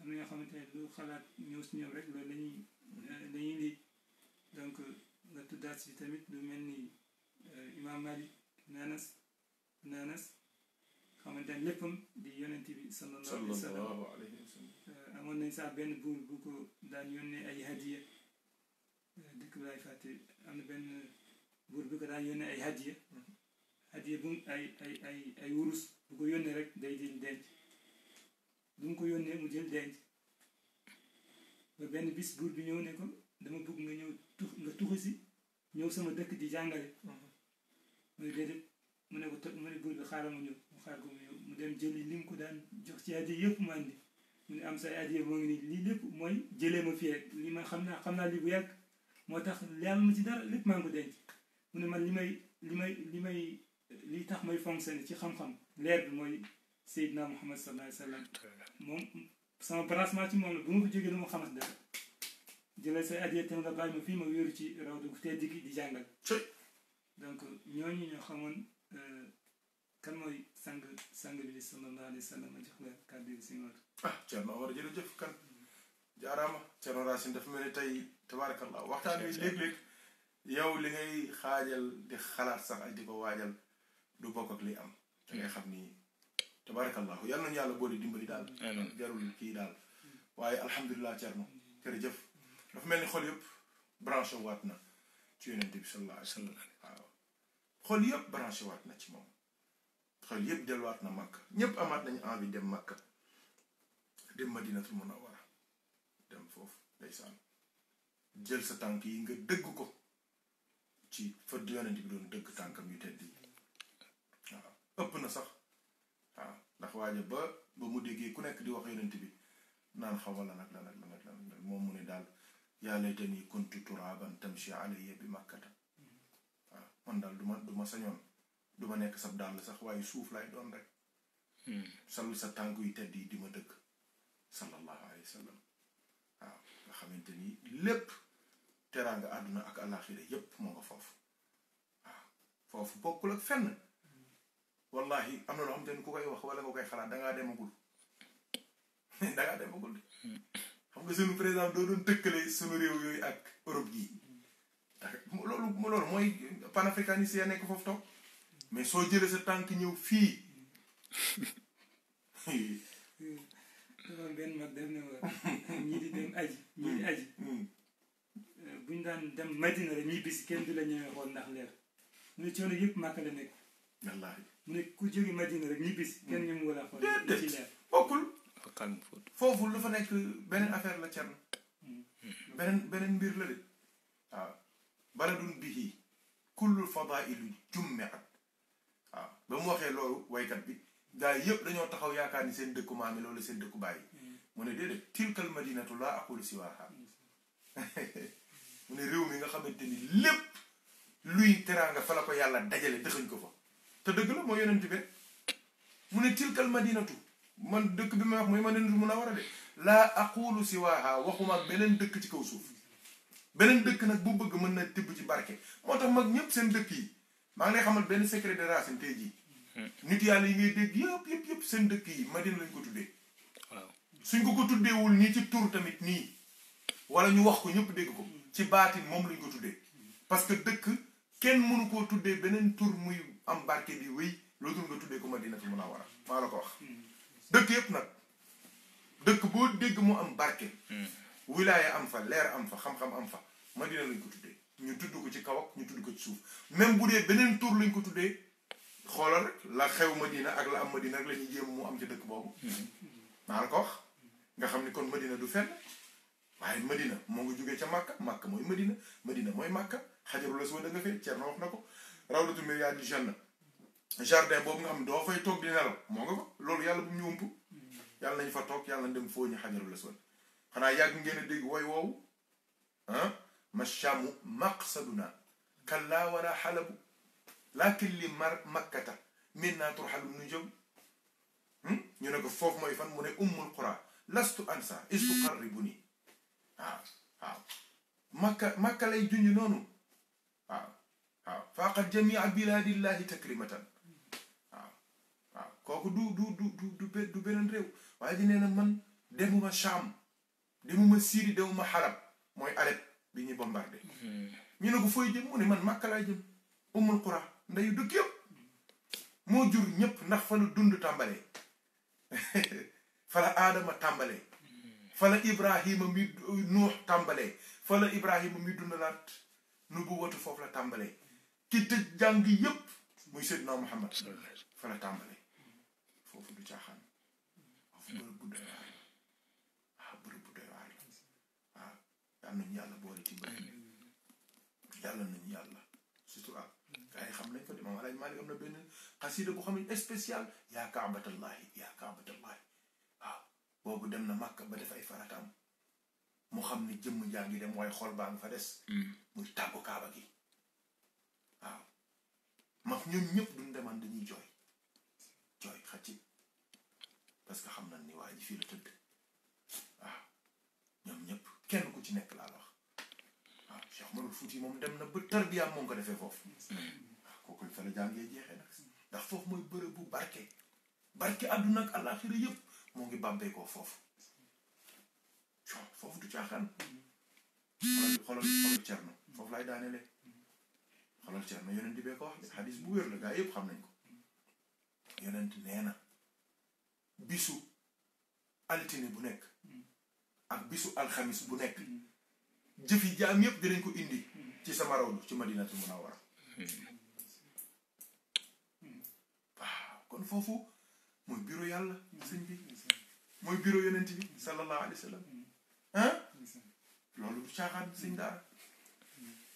am na ñoo lu xalaat ñëw si rek loolu la dañuy indi donc nga tuddaat si tamit lu mel ni euh, imam malik naanas naanas xamante ne léppam di yonent bi sallallahu alayhi wa sallam euh, amoon nañ sax benn buur bu ko daan yónnee ay hadiya euh, dëkk bi laay fàtte am na benn buur bi ko daan yónnee ay hadiya mm-hmm. hadiya bu ay ay ay ay wurus bu ko yónnee rek day jël denc bu mu ko yónnee mu jël denc ba benn bis buur bi ñëw ne ko dama bëgg nga ñëw tux nga tuxu si ñëw sama dëkk di jàngale mm-hmm. mu ne déedéet mu ne ko toj mu ne buur bi xaaral mu ñëw mu xaar ko mu dem jëli li mu ko daan jox ci adiya yëpp mu andi mu ne am say moo ngi lépp mooy jëlee ma fii li ma xam naa xam naa li bu moo tax yàlla ma ci lépp maa ngi ko denc mu ne man li may li may li may li tax may fonctionné ci xam-xam leer bi mooy Seydina Muhammad sallallahu alayhi sama branchement ci moom la bu ma fi jógee dama xamas dara jëlal say addiya tam nga bàyyi ma fii ma wéeru ci raw dugg te digg di jàngal donc ñooñu ñoo xamoon euh, kan mooy sang sang bi sallallahu alayhi wa sallam ma jox la si noor war a jërëjëf kan jaaraama Thierno Racine dafa mel ni tey tabaarakallah waxtaan wi léeg-léeg yow li ngay xaajal di xalaat sax ak di ko waajal du bokk li am da hmm. xam ni tabarakallahu yal nañu yàlla boole dimbali daal jarul kii daal waaye alhamdulilah Thierno jërëjëf dafa mel ni xol yëpp branché waat na ci yonente bi sallallahu alayhi wa sallam waaw xol yëpp branché waat na ci moom xol yëpp delluwaat na màkk ñëpp amaat nañu envie dem màkk dem madinatul munawara dem foofu ndeysaan jël sa tànk yi nga dëgg ko ci fa yonente bi doon dëgg tànkam yu tedd yi waaw ëpp na ndax waaja ba ba mu déggee ku nekk di wax yonent bi naan xaw ma lan ak lan ak lan ak lan moom mu ne daal yaa laytanii kuntu turaaban tamshi alayya bi makkata waaw man daal du ma du ma sañoon du ma nekk sab dàll sax waaye suuf lay doon rek. Hmm. salu sa tànk yu tedd yi di ma dëkk sallallahu alayhi wa sallam waaw nga xamante ni lépp teraanga àdduna ak alaaxira yépp moo nga foofu waaw foofu bokkul ak fenn. wallahi am na loo xamante ni ku koy wax wala nga koy xalaat dangaa ngaa demagul da ngaa président doo doon réew yooyu ak Europe yi loolu loolu mooy panafricaniste ya nekk foofu mais soo jëlee sa tànk ñëw fii. dafa mag def ne war ñii di dem aji ñii di aji. buñ daan dem madina rek ñii bis kenn du la ñëwee xool ndax leer ñu coono yëpp màkk la nekk. mu ne ku jóge Madina rek ñibbisi mm. kenn ñu mu wala xool ci leer bokkul foofu lu fa nekk beneen affaire la cer mm. beneen beneen mbir la de waaw baladun bihi kullu fadailu jummeat waaw ba mu waxee loolu waykat bi gaa yëpp dañoo taxaw yaakaar ni seen dëkku maami loolu seen dëkku bàyyi mm. mu ne déedéet tilkal madinatu laa aqulu siwaaha mu ne réew mi nga xamante ni lépp luy teraanga fa la ko yàlla dajale dëxañ ko fa te dëgg la moo yonent bi mu ne tilkal madinatu man dëkk bi may wax mooy madinatu mun a war a de laa aqulu siwaaha waxuma beneen dëkk ci kaw suuf beneen dëkk nag bu bëgg mën na tibb ci barke moo tax mag ñëpp seen dëkk yi maa ngi lay benn secret de hmm. nit yàlla yi ngay yëpp yëpp seen dëkk yi madina lañ ko tuddee waaw suñ ko ko tuddeewul nii ci tur tamit nii wala ñu wax ko ñëpp dégg ko ci baatin moom lañ ko tuddee parce que dëkk kenn mënu koo tuddee beneen tur muy am barke bi wéy loolu nga tuddee ko Madinatul Munawwara maa la ko wax. dëkk yëpp nag dëkk boo dégg mu am barke. wilaaya am fa leer am fa xam-xam am fa Madina lañ ko tuddee ñu tudd ko ci kaw ñu tudd ko ci suuf même bu dee beneen tur lañ ko tuddee xoolal rek la xew Madina ak la am Madina rek la ñuy jéem mu am ci dëkk boobu. maa la ko wax nga xam ni kon Madina du fenn waaye Madina moo nga jugee ca Màkka Màkka mooy Madina Madina mooy Màkka xajarul aswad nga fee Thierno wax na ko. rawdatu miriyaat di jeune jardin boobu nga am doo fay toog di nelaw moo nga fa loolu yàlla bu ñu ëmp yàlla nañ fa toog yàlla dem foo ñu xajaru la son xanaa yàgg ngeen a dégg way woowu ah machamu maqsaduna kalla wala xalabu lakin li mar makkata min naa turxalu nu jëm ñu ne ko foofu mooy fan mu ne ummul qura lastu ansa istu qarribu nii waaw waaw makka makka lay junj noonu waaw faaqa jamia biladillahi takrimatan waaw waaw kooku du du du beneen réew waaye di nee na man demuma Sham demuma Syrie demuma Halab mooy Alep bi ñuy bombardé hmm. ñu ne fooy jëm mu ne man Makka laa jëm umul qura ndeyu dëkk yëpp moo jur ñëpp ndax fa la dund tàmbalee fa la aadama tàmbalee hmm. fa la ibrahima mi nuux tàmbalee fa la ibrahima mi dundalaat nu bu watu foofu la tàmbalee ki tëj jàng yëpp muy Seydina Muhammad fa foofu du caaxaan foofu bërëb bu doy waar waaw bërëb bu doy waar la waaw yàlla nañu yàlla boole ci mbir mi yàlla nañu yàlla surtout ak ah, gars yi xam nañ ko de moom am na benn xasida bu xam ne spécial yaa kaabatallahi yaa kaabatallahi waaw boobu dem na Màkka ba def ay mu xam ne jëmm jaa dem waaye xol baa ngi fa des hmm. muy tàggu kaaba gi mag ñun ñëpp duñ demaan dañuy jooy jooy xacc parce que xam nañ ni waa ji fii la tëdd waaw ah, ñoom ñëpp kenn ku ci nekk laa la wax waaw ah, Cheikh Oumar Fouti moom dem na ba tarbiyaam moom ko defee foofu waaw ah, kooku fa la jàngee jeexee nag ndax foofu mooy bërëb bu barke barke àdduna ak àllaaxira yëpp moo ngi bàmbee koo foofu foofu du caaxaan xoolal xoolal Cerno foofu laay daanelee xolal Thierno yonent bee ko wax de xadis bu wér la gaa yëpp xam nañ ko yonent nee na bisu altine bu nekk ak bisu alxamis bu nekk yi jaam yëpp dinañ ko indi ci sama rawlu ci madinatul munawwara waaw kon foofu mooy bureau yàlla sëñ bi mooy bureau yonent bi sallallahu alayhi wa loolu bu caaxaan sëñ daara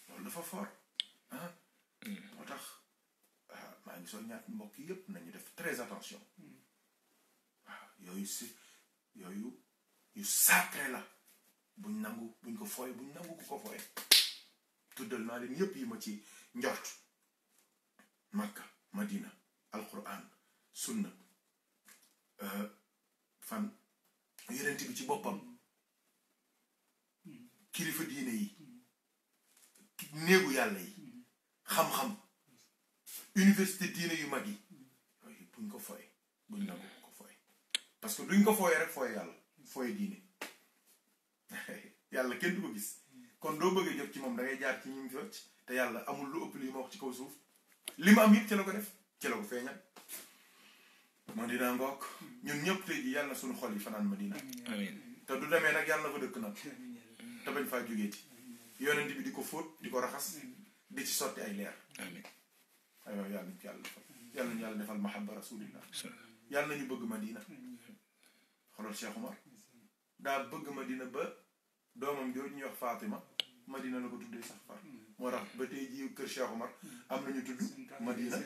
loolu dafa fort ah. moo tax maa ngi soo ñaat mbokk yëpp nañu def très attention waaw yooyu si yooyu yu sacré la buñ nangu buñ ko fooye buñ nangu ku ko fooye tuddal naa leen yëpp yi ma ci njort makka madina alquran sunna euh, fan yonent bi ci boppam mm. Mm. kilifa diine yi mm. néegu yàlla yi xam-xam université diine yu mag yi yooyu buñ ko fooye buñ nangu ko fooye parce que duñ ko fooye rek fooye yàlla fooye diine yàlla kenn du ko gis kon doo bëggee jot ci moom da ngay jaar ci ñim jot te yàlla amul lu ëpp lii ma wax ci kaw suuf li ma am yëpp ci la ko def ci la ko feeñal Madina ngook ñun ñëpp tey ji yàlla na suñu xol yi fanaan Madina te du demee nag yàlla na fa dëkk nag te faa jógee ci yonent bi di ko fóot di ko raxas di ci sotti ay leer. amiin aywa yàlla yàlla defal yàlla nañu yàlla defal mahabba rasulillah. yàlla nañu bëgg Madina. xoolal Cheikh Umar daa bëgg Madina ba doomam jooju ñuy wax Fatima Madina la ko tuddee sax far moo tax ba tey kër Cheikh Umar am nañu tudd Madina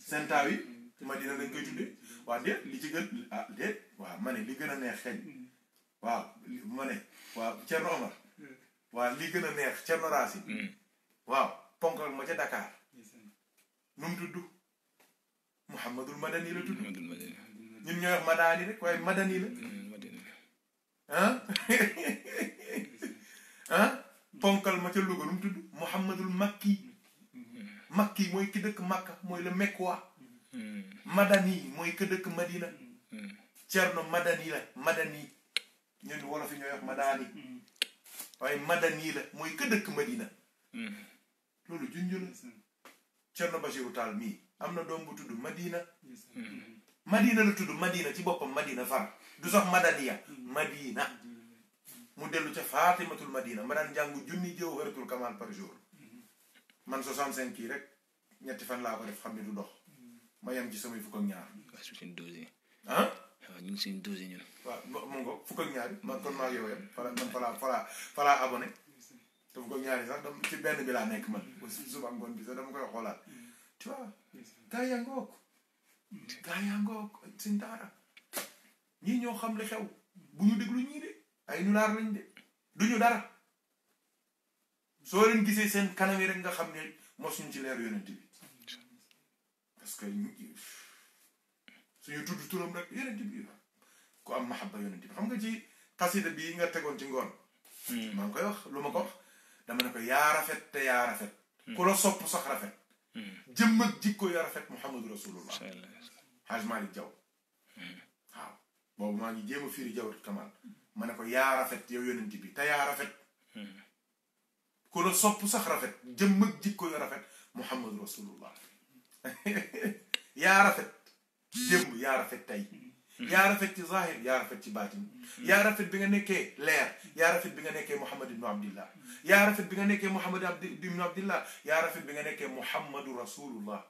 seen taaw yi Madina dañ koy tuddee waa déet li ci gën ah déet ma ne li gën a neex xeeñ waaw ma ne waaw Thierno Omar hmm. li gën a neex Thierno waaw ponkal ma ca Dakar nu mu tudd Muhammadul Madani la tudd ñun ñooy wax Madani rek waaye Madani la ah ah ponkal ma ca Louga nu Maki, tudd Mouhamadul Makki mm-hmm. Makki mooy ki dëkk Makka mooy le Mekwa mm-hmm. Madani mooy ki dëkk Madina mm-hmm. Cerno Madani la Madani ñun wolof yi wax Madani waaye Madani la mooy ke dëkk Madina. loolu junj la Cerno Basiru mii am na doom bu tudd Madina mm-hmm. Madina la tudd Madina ci boppam Madina far du sax Madaniya Madina mm-hmm. mu dellu ca Faatimatul Madina ma daan jàng junni Jawharatul Kamal par jour mm-hmm. man 65 kii rek ñetti fan laa ko def xam ne du dox ma yem ci samay fukk ñaar. waaw su seen kon maa ngi yow yem fala man dama ko ñaari sax dama ci benn bi laa nekk man ba suba ngoon bi sax dama koy xoolaat tu vois gaa yaa ngoog ñoo xam li xew bu ñu ay nu lañ de duñu dara soo leen gisee seen kanam yi rek nga xam ne mosuñ ci leeru yonent bi parce suñu tudd turam rek bi ku am mahabba yonent bi xam nga ci xasida bi nga tegoon ci ngoon hmm. maa ngi koy wax lu ma ko wax dama ne ko yaa rafet te yaa rafet ku la sopp sax rafet jëmm ak jikko yaa rafet muhammadu rasulullah haj malik jaw waaw boobu maa ngi jéem a fiiri jawat kamal ma ne ko yaa rafet yow yonent bi te yaa rafet ku la sopp sax rafet jëmm ak jikko yaa rafet muhammadu rasulullah yaa rafet démb yaa rafet tey yaa rafet ci zahir yaa rafet ci baatin yaa rafet bi nga nekkee leer yaa rafet bi nga nekkee Mouhamad ibnu Abdillah yaa rafet bi nga nekkee Mouhamad ibnu Abdillah yaa rafet bi nga nekkee Mouhamadu Rasulullah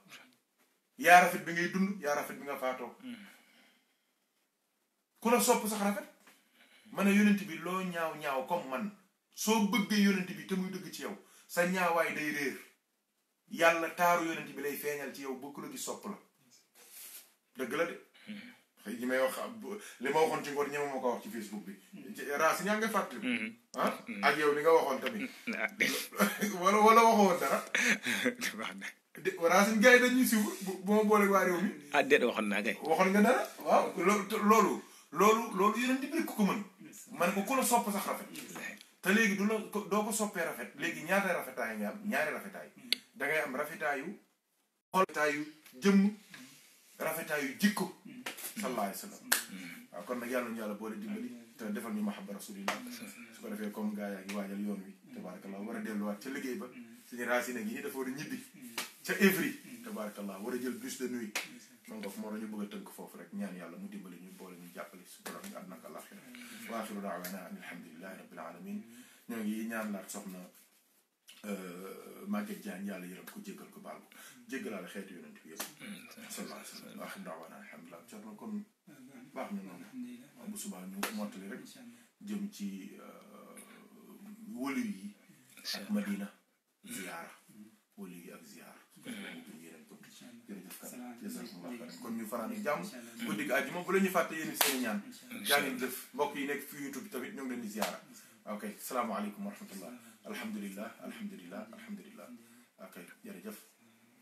yaa rafet bi ngay dund yaa rafet bi nga faatoo ku la sopp sax rafet ma ne yonent bi loo ñaaw ñaaw comme man soo bëggee yonent bi te muy dëgg ci yow sa ñaawaay day réer yàlla taaru yonent bi lay feeñal ci yow bokku la gi sopp la dëgg la de xëy li may wax li ma waxoon ci ngoon ñëw ma ko wax ci Facebook bi. Racine yaa ngi fàttali. Mm-hmm. ah mm-hmm. ak yow li nga waxoon tamit. Mm-hmm. Ah, wala wala waxoon dara. dé Racine gars yi dañuy suivre bu bu ma booleeg waa réew mi. Ah, waxoon naa kay. waxoon nga dara waaw loolu. loolu loolu yeneen di bëri ku ko mën. man ko ku la sopp sax rafet. te léegi du la doo ko soppee rafet léegi ñaata rafetaay nga am ñaari rafetaay. da am rafetaayu rafetaayu jëmm. rafetaayu jikko. Mm-hmm. sallallahu alayhi wa sallam. Mm-hmm. waaw kon nag yàlla nañu yàlla boole dimbali. te defal ñu mahabba rasulillah. Mm-hmm. su ko defee comme gars yaa ngi waajal yoon wi. tabaarakallah war a delluwaat ca liggéey a ñibbi. ca Évry. tabaarakallah war a jël bus de nuit. man kooku moo doon ñu bëgg a tënk foofu rek ñaan yàlla mu dimbali ñu boole ñu jàppale su borom ñu àdduna ak alaaxira. wa axiru daawaana an alhamdulillahi rabbil alamin ñoo ngi ñaan laat soxna Euh, Maguette Diagne yàlla yërëm ko jéggal ko baal ko jéggalaale xeetu yonent bi yëpp mm, sallallahu alayhi wa sallam waax ndawaan alhamdulilah car na kon baax na noonu bu subaa ñu mottali rek jëm ci euh, wëlu yi ak madina ziyaara mm. wëlu yi ak ziyaara mm. kon ñu fanaan ak jàmm guddi gi àjjuma bu la ñu fàtte yéen seen ñaan jaa ngeen jëf mbokk yi nekk fii YouTube tamit ñoo ngi leen di ziyaara ok salaamaaleykum wa rahmatullah alhamdulilah alhamdulilah alhamdulilah ok jërëjëf